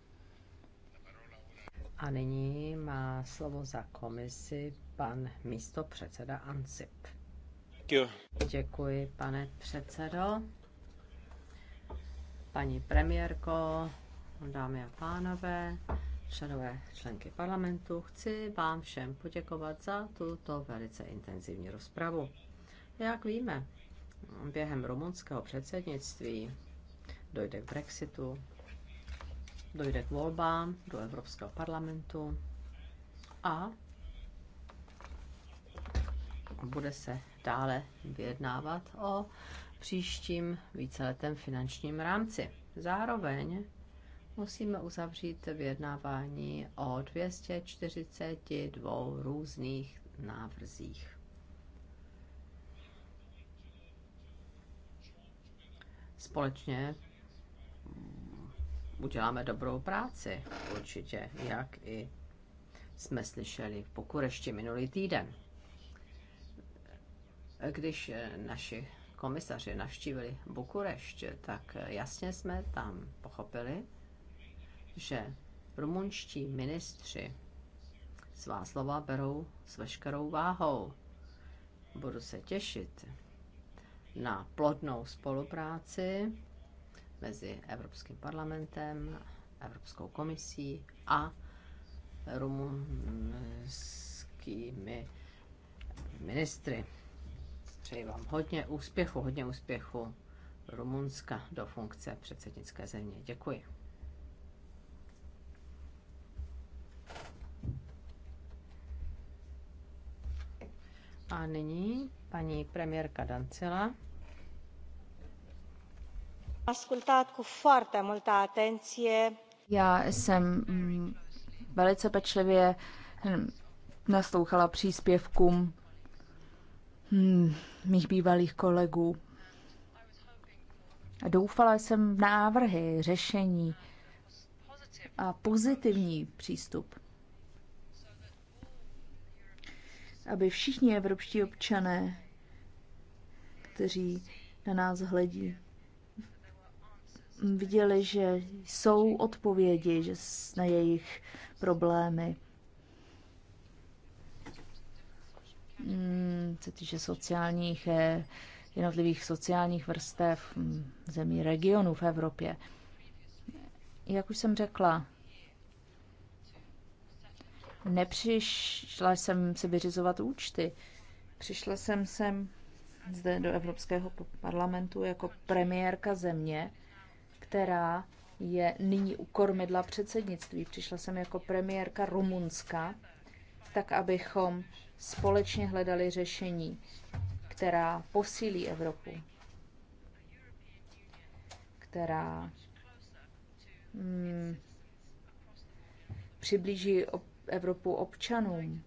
A nyní má slovo za komisi pan místo předseda Ansip. Děkuji. Děkuji, pane předsedo. Paní premiérko, dámy a pánové, členové, členky parlamentu, chci vám všem poděkovat za tuto velice intenzivní rozpravu. Jak víme, během rumunského předsednictví dojde k Brexitu, dojde k volbám do Evropského parlamentu a bude se dále vyjednávat o příštím víceletém finančním rámci. Zároveň musíme uzavřít vyjednávání o 242 různých návrzích. Společně uděláme dobrou práci, určitě, jak i jsme slyšeli v Bukurešti minulý týden. Když naši komisaři navštívili Bukurešť, tak jasně jsme tam pochopili, že rumunští ministři svá slova berou s veškerou váhou. Budu se těšit na plodnou spolupráci mezi Evropským parlamentem, Evropskou komisí a rumunskými ministry. Přeji vám hodně úspěchu, hodně úspěchu Rumunska do funkce předsednické země. Děkuji. A nyní paní premiérka Dancila. Já jsem mm, velice pečlivě hm, naslouchala příspěvkům hm, mých bývalých kolegů. Doufala jsem v návrhy, řešení a pozitivní přístup. aby všichni evropští občané, kteří na nás hledí, viděli, že jsou odpovědi že na jejich problémy. Hmm, co týče sociálních, eh, jednotlivých sociálních vrstev hmm, zemí regionů v Evropě. Jak už jsem řekla, Nepřišla jsem si vyřizovat účty. Přišla jsem sem zde do Evropského parlamentu jako premiérka země, která je nyní u kormidla předsednictví. Přišla jsem jako premiérka Rumunska, tak abychom společně hledali řešení, která posílí Evropu, která hmm, přiblíží ob Evropu občanům.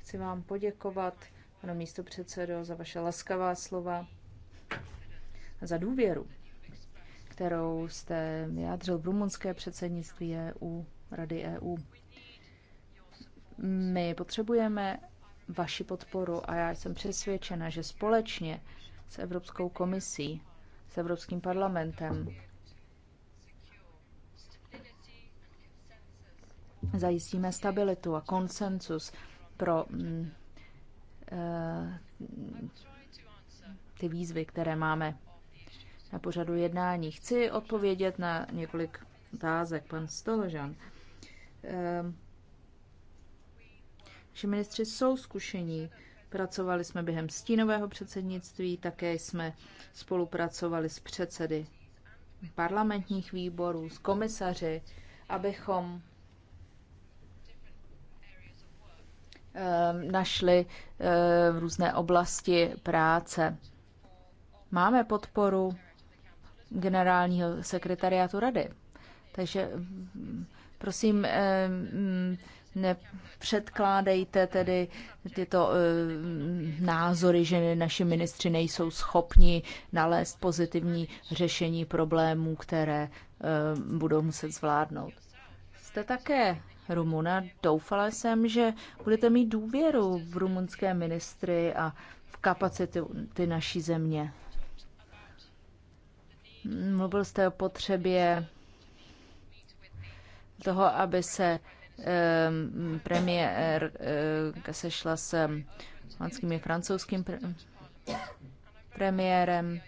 Chci vám poděkovat, pane místo předsedo, za vaše laskavá slova za důvěru, kterou jste vyjádřil v rumunské předsednictví EU, Rady EU. My potřebujeme vaši podporu a já jsem přesvědčena, že společně s Evropskou komisí, s Evropským parlamentem, Zajistíme stabilitu a konsensus pro mm, eh, ty výzvy, které máme na pořadu jednání. Chci odpovědět na několik otázek. Pan Stoložan. Eh, že ministři jsou zkušení. Pracovali jsme během stínového předsednictví, také jsme spolupracovali s předsedy parlamentních výborů, s komisaři, abychom Ehm, našli v ehm, různé oblasti práce. Máme podporu generálního sekretariátu rady. Takže prosím, ehm, nepředkládejte tedy tyto názory, že naši ministři nejsou schopni nalézt pozitivní řešení problémů, které budou muset zvládnout. Jste také Rumuna. Doufala jsem, že budete mít důvěru v rumunské ministry a v kapacitu ty naší země. Mluvil jste o potřebě toho, aby se ehm, premiér eh, sešla s holandským i francouzským premiérem.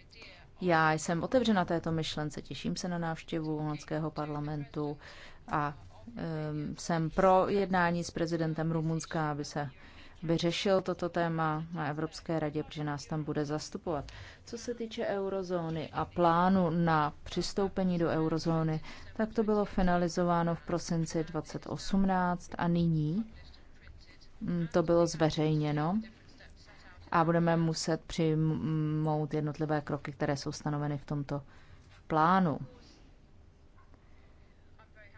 Já jsem otevřena této myšlence, těším se na návštěvu holandského parlamentu a Ehm, jsem pro jednání s prezidentem Rumunska, aby se vyřešil toto téma na Evropské radě, protože nás tam bude zastupovat. Co se týče eurozóny a plánu na přistoupení do eurozóny, tak to bylo finalizováno v prosinci 2018 a nyní hm, to bylo zveřejněno a budeme muset přijmout jednotlivé kroky, které jsou stanoveny v tomto plánu.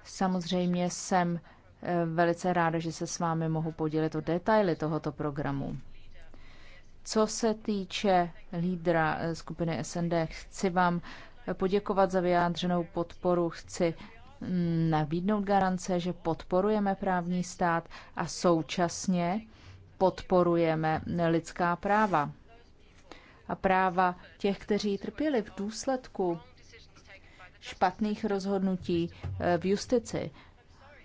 Samozřejmě jsem eh, velice ráda, že se s vámi mohu podělit o detaily tohoto programu. Co se týče lídra eh, skupiny SND, chci vám eh, poděkovat za vyjádřenou podporu, chci mm, nabídnout garance, že podporujeme právní stát a současně podporujeme lidská práva a práva těch, kteří trpěli v důsledku špatných rozhodnutí eh, v justici.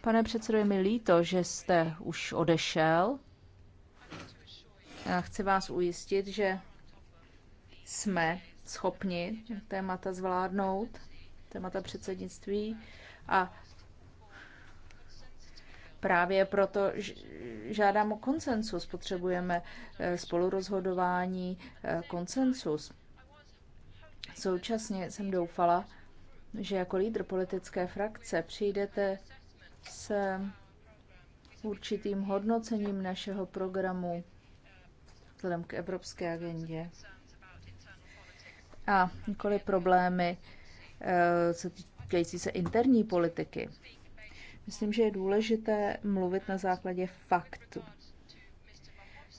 Pane předsedo, je mi líto, že jste už odešel. Já chci vás ujistit, že jsme schopni témata zvládnout, témata předsednictví a Právě proto žádám o konsensus. Potřebujeme eh, spolurozhodování, eh, konsensus. Současně jsem doufala, že jako lídr politické frakce přijdete s určitým hodnocením našeho programu vzhledem k evropské agendě. A nikoli problémy se eh, týkající se interní politiky. Myslím, že je důležité mluvit na základě faktu.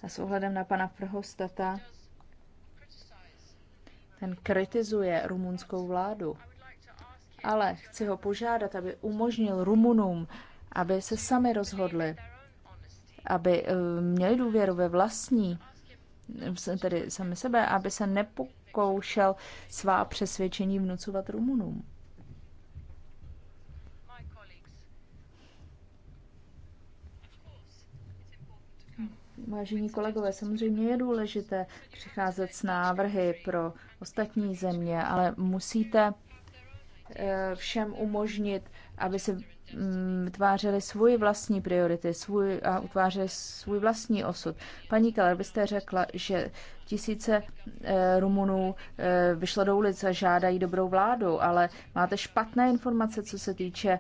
A s ohledem na pana Prhostata, ten kritizuje rumunskou vládu ale chci ho požádat, aby umožnil Rumunům, aby se sami rozhodli, aby eh, měli důvěru ve vlastní, tedy sami sebe, aby se nepokoušel svá přesvědčení vnucovat Rumunům. Vážení kolegové, samozřejmě je důležité přicházet s návrhy pro ostatní země, ale musíte Eh, všem umožnit, aby se vytvářeli mm, svoji vlastní priority svůj, a utvářeli svůj vlastní osud. Paní Keller, byste řekla, že tisíce eh, Rumunů eh, vyšlo do ulice a žádají dobrou vládu, ale máte špatné informace, co se týče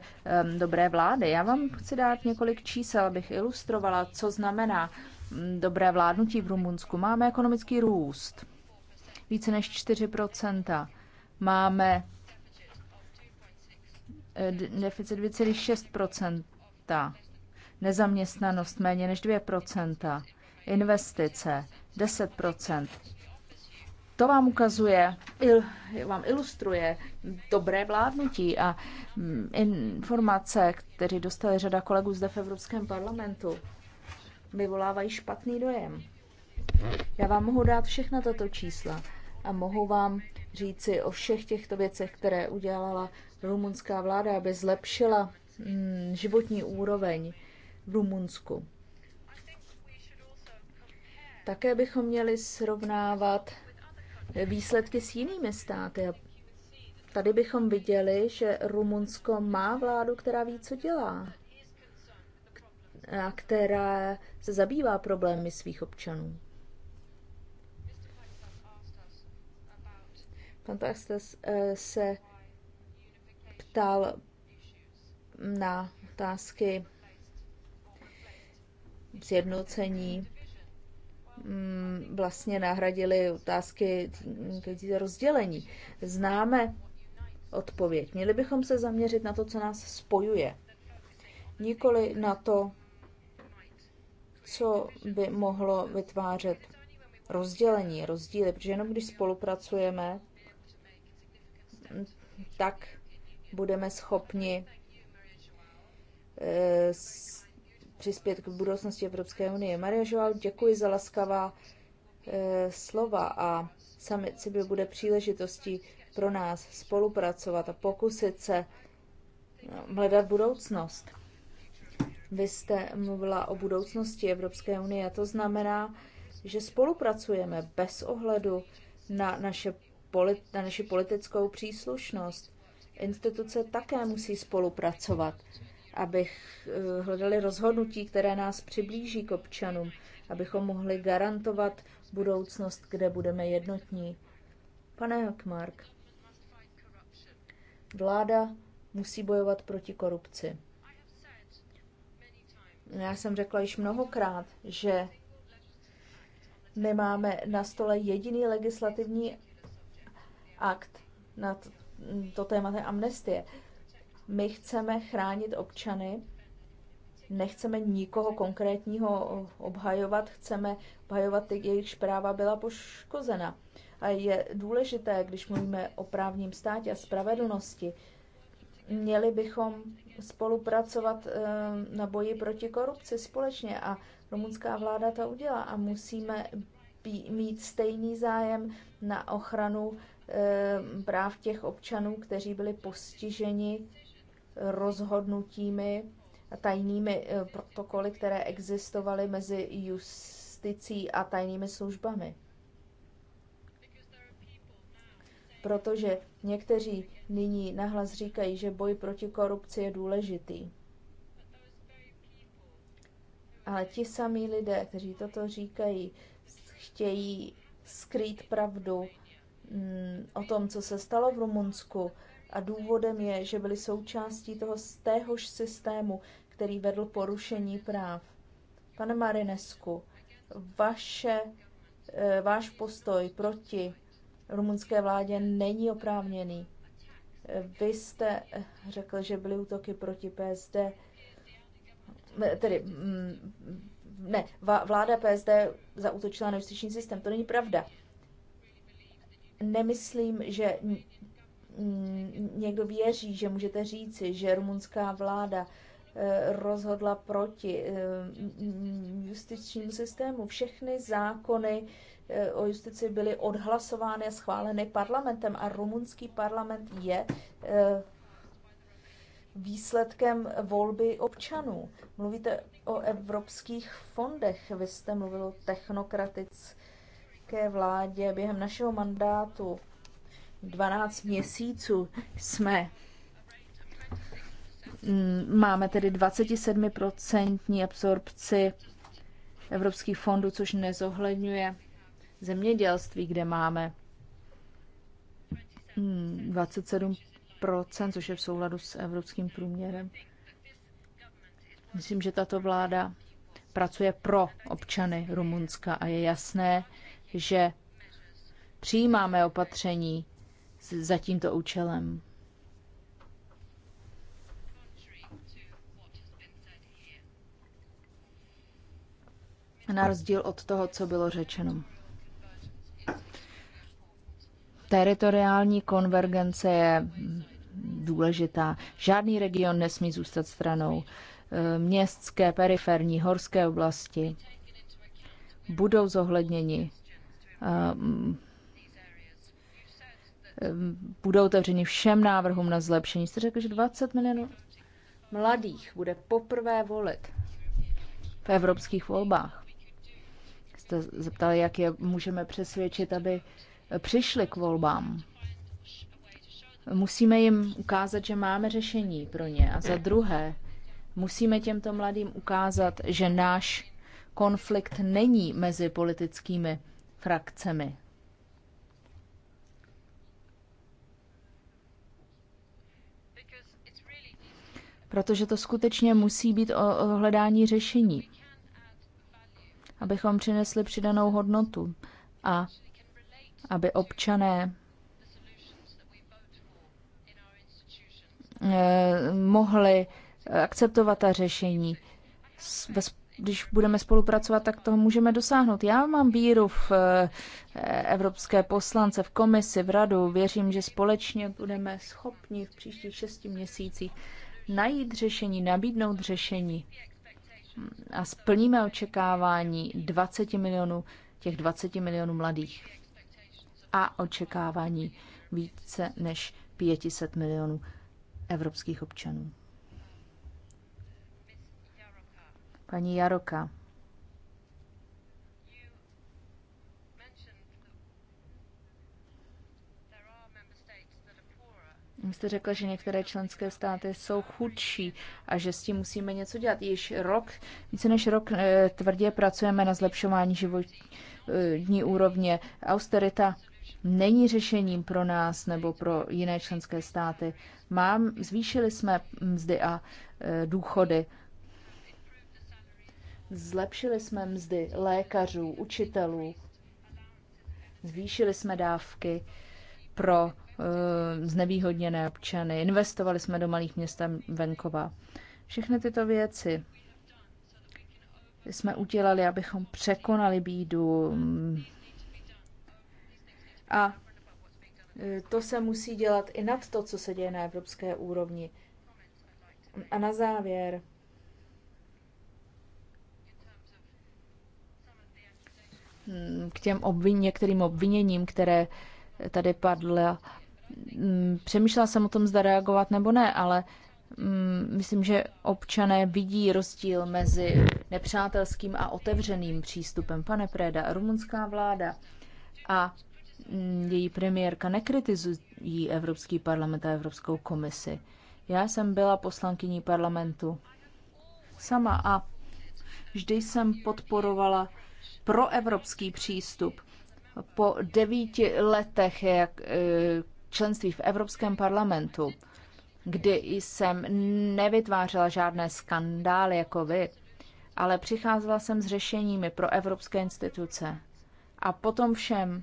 dobré vlády. Já vám chci dát několik čísel, abych ilustrovala, co znamená mm, dobré vládnutí v Rumunsku. Máme ekonomický růst, více než 4%. Máme deficit 2,6 nezaměstnanost méně než 2 investice 10 to vám ukazuje, il, vám ilustruje dobré vládnutí a mm, informace, které dostali řada kolegů zde v Evropském parlamentu, vyvolávají špatný dojem. Já vám mohu dát všechna tato čísla a mohu vám říci o všech těchto věcech, které udělala rumunská vláda, aby zlepšila mm, životní úroveň v Rumunsku. Také bychom měli srovnávat výsledky s jinými státy. Tady bychom viděli, že Rumunsko má vládu, která ví, co dělá a která se zabývá problémy svých občanů. Pan Pastas eh, se ptal na otázky zjednocení, mm, vlastně nahradili otázky rozdělení. Známe odpověď. Měli bychom se zaměřit na to, co nás spojuje. Nikoli na to, co by mohlo vytvářet rozdělení, rozdíly, protože jenom když spolupracujeme, tak budeme schopni eh, přispět k budoucnosti Evropské unie. Maria Joao, děkuji za laskavá eh, slova a summit sebe bude příležitostí pro nás spolupracovat a pokusit se eh, hledat budoucnost. Vy jste mluvila o budoucnosti Evropské unie a to znamená, že spolupracujeme bez ohledu na, naše polit, na naši politickou příslušnost. Instituce také musí spolupracovat, abych eh, hledali rozhodnutí, které nás přiblíží k občanům, abychom mohli garantovat budoucnost, kde budeme jednotní. Pane Hakmark, vláda musí bojovat proti korupci. Já jsem řekla již mnohokrát, že nemáme na stole jediný legislativní akt nad to téma té amnestie. My chceme chránit občany, nechceme nikoho konkrétního obhajovat, chceme obhajovat ty, jejichž práva byla poškozena. A je důležité, když mluvíme o právním státě a spravedlnosti, měli bychom spolupracovat eh, na boji proti korupci společně a rumunská vláda to udělá a musíme mít stejný zájem na ochranu Eh, práv těch občanů, kteří byli postiženi rozhodnutími a tajnými eh, protokoly, které existovaly mezi justicí a tajnými službami. Protože někteří nyní nahlas říkají, že boj proti korupci je důležitý. Ale ti samí lidé, kteří toto říkají, chtějí skrýt pravdu Mm, o tom, co se stalo v Rumunsku. A důvodem je, že byli součástí toho z téhož systému, který vedl porušení práv. Pane Marinesku, vaše, eh, váš postoj proti rumunské vládě není oprávněný. Eh, vy jste eh, řekl, že byly útoky proti PSD, tedy mm, ne, vláda PSD zautočila na justiční systém. To není pravda nemyslím, že někdo věří, že můžete říci, že rumunská vláda eh, rozhodla proti eh, justičnímu systému. Všechny zákony eh, o justici byly odhlasovány a schváleny parlamentem a rumunský parlament je výsledkem volby občanů. Mluvíte o evropských fondech, vy jste mluvil o technokratických české vládě během našeho mandátu 12 měsíců jsme mm, máme tedy 27% absorpci evropských fondů, což nezohledňuje zemědělství, kde máme 27%, mm, což je v souladu s evropským průměrem. Myslím, že tato vláda pracuje pro občany Rumunska a je jasné, že přijímáme opatření za tímto účelem. Na rozdíl od toho, co bylo řečeno. Teritoriální konvergence je důležitá. Žádný region nesmí zůstat stranou. Eh, městské, periferní, horské oblasti budou zohledněni Eh, budou otevřeni všem návrhům na zlepšení. Jste řekl, že 20 milionů mladých bude poprvé volit v evropských volbách. Jste zeptali, jak je můžeme přesvědčit, aby přišli k volbám. Musíme jim ukázat, že máme řešení pro ně. A za druhé, musíme těmto mladým ukázat, že náš konflikt není mezi politickými frakcemi. Protože to skutečně musí být o, hledání řešení, abychom přinesli přidanou hodnotu a aby občané eh, mohli akceptovat ta řešení když budeme spolupracovat, tak toho můžeme dosáhnout. Já mám víru v eh, evropské poslance, v komisi, v radu. Věřím, že společně budeme schopni v příštích šesti měsících najít řešení, nabídnout řešení mm, a splníme očekávání 20 milionů, těch 20 milionů mladých a očekávání více než 500 milionů evropských občanů. Paní Jaroka. Vy jste řekla, že některé členské státy jsou chudší a že s tím musíme něco dělat. Již rok, více než rok eh, tvrdě pracujeme na zlepšování životní eh, úrovně. Austerita není řešením pro nás nebo pro jiné členské státy. Mám, zvýšili jsme mzdy a eh, důchody Zlepšili jsme mzdy lékařů, učitelů, zvýšili jsme dávky pro e, znevýhodněné občany, investovali jsme do malých měst venkova. Všechny tyto věci jsme udělali, abychom překonali bídu. A eh, to se musí dělat i nad to, co se děje na evropské úrovni. A na závěr Mm, k těm obvin, některým obviněním, které tady padla. Mm, přemýšlela jsem o tom, zda reagovat nebo ne, ale mm, myslím, že občané vidí rozdíl mezi nepřátelským a otevřeným přístupem. Pane Preda, rumunská vláda a její premiérka nekritizují Evropský parlament a Evropskou komisi. Já jsem byla poslankyní parlamentu sama a vždy jsem podporovala proevropský přístup. Po devíti letech jak e, členství v Evropském parlamentu, kdy jsem nevytvářela žádné skandály jako vy, ale přicházela jsem s řešeními pro evropské instituce. A potom všem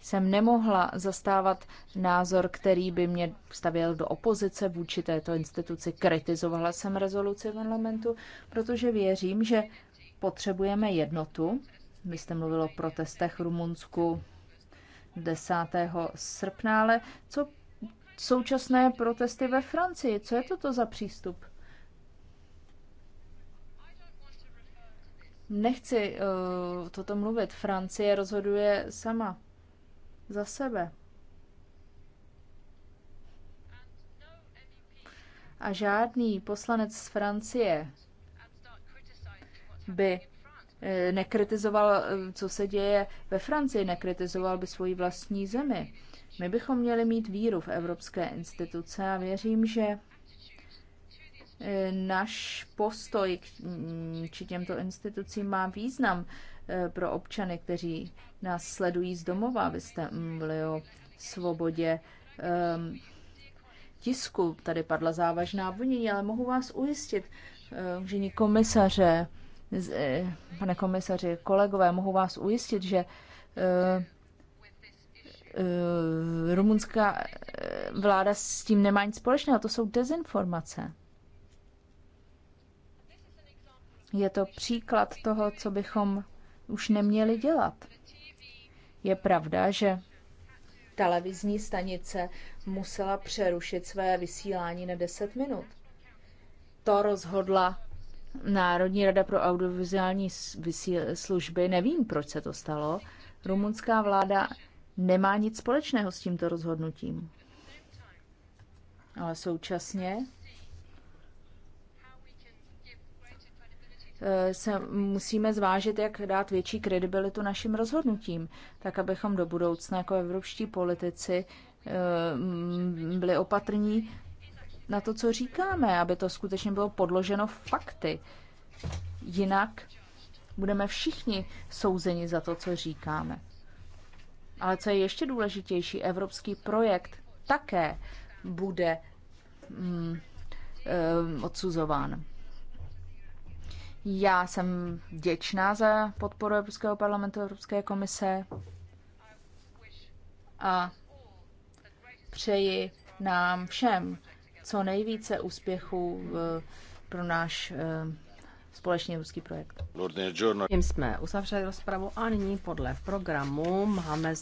jsem nemohla zastávat názor, který by mě stavěl do opozice vůči této instituci. Kritizovala jsem rezoluci parlamentu, protože věřím, že Potřebujeme jednotu. Vy jste mluvil o protestech v Rumunsku 10. srpna, ale co současné protesty ve Francii? Co je toto za přístup? Nechci uh, toto mluvit. Francie rozhoduje sama za sebe. A žádný poslanec z Francie by eh, nekritizoval, eh, co se děje ve Francii, nekritizoval by svoji vlastní zemi. My bychom měli mít víru v evropské instituce a věřím, že eh, náš postoj k mm, těmto institucím má význam pro občany, kteří nás sledují z domova. Vy jste mluvili o svobodě ehm, tisku. Tady padla závažná obvinění, ale mohu vás ujistit, že komisaře, Eh, pane komisaři, kolegové, mohu vás ujistit, že eh, eh, rumunská vláda s tím nemá nic společného. To jsou dezinformace. Je to příklad toho, co bychom už neměli dělat. Je pravda, že televizní stanice musela přerušit své vysílání na 10 minut. To rozhodla Národní rada pro audiovizuální služby, nevím, proč se to stalo, rumunská vláda nemá nic společného s tímto rozhodnutím. Ale současně eh, se musíme zvážit, jak dát větší kredibilitu našim rozhodnutím, tak abychom do budoucna jako evropští politici eh, byli opatrní na to, co říkáme, aby to skutečně bylo podloženo fakty. Jinak budeme všichni souzeni za to, co říkáme. Ale co je ještě důležitější, evropský projekt také bude mm, mm, odsuzován. Já jsem děčná za podporu Evropského parlamentu, Evropské komise a přeji nám všem co nejvíce úspěchů pro náš eh, společný ruský projekt. Tím jsme uzavřeli rozpravu a nyní podle programu máme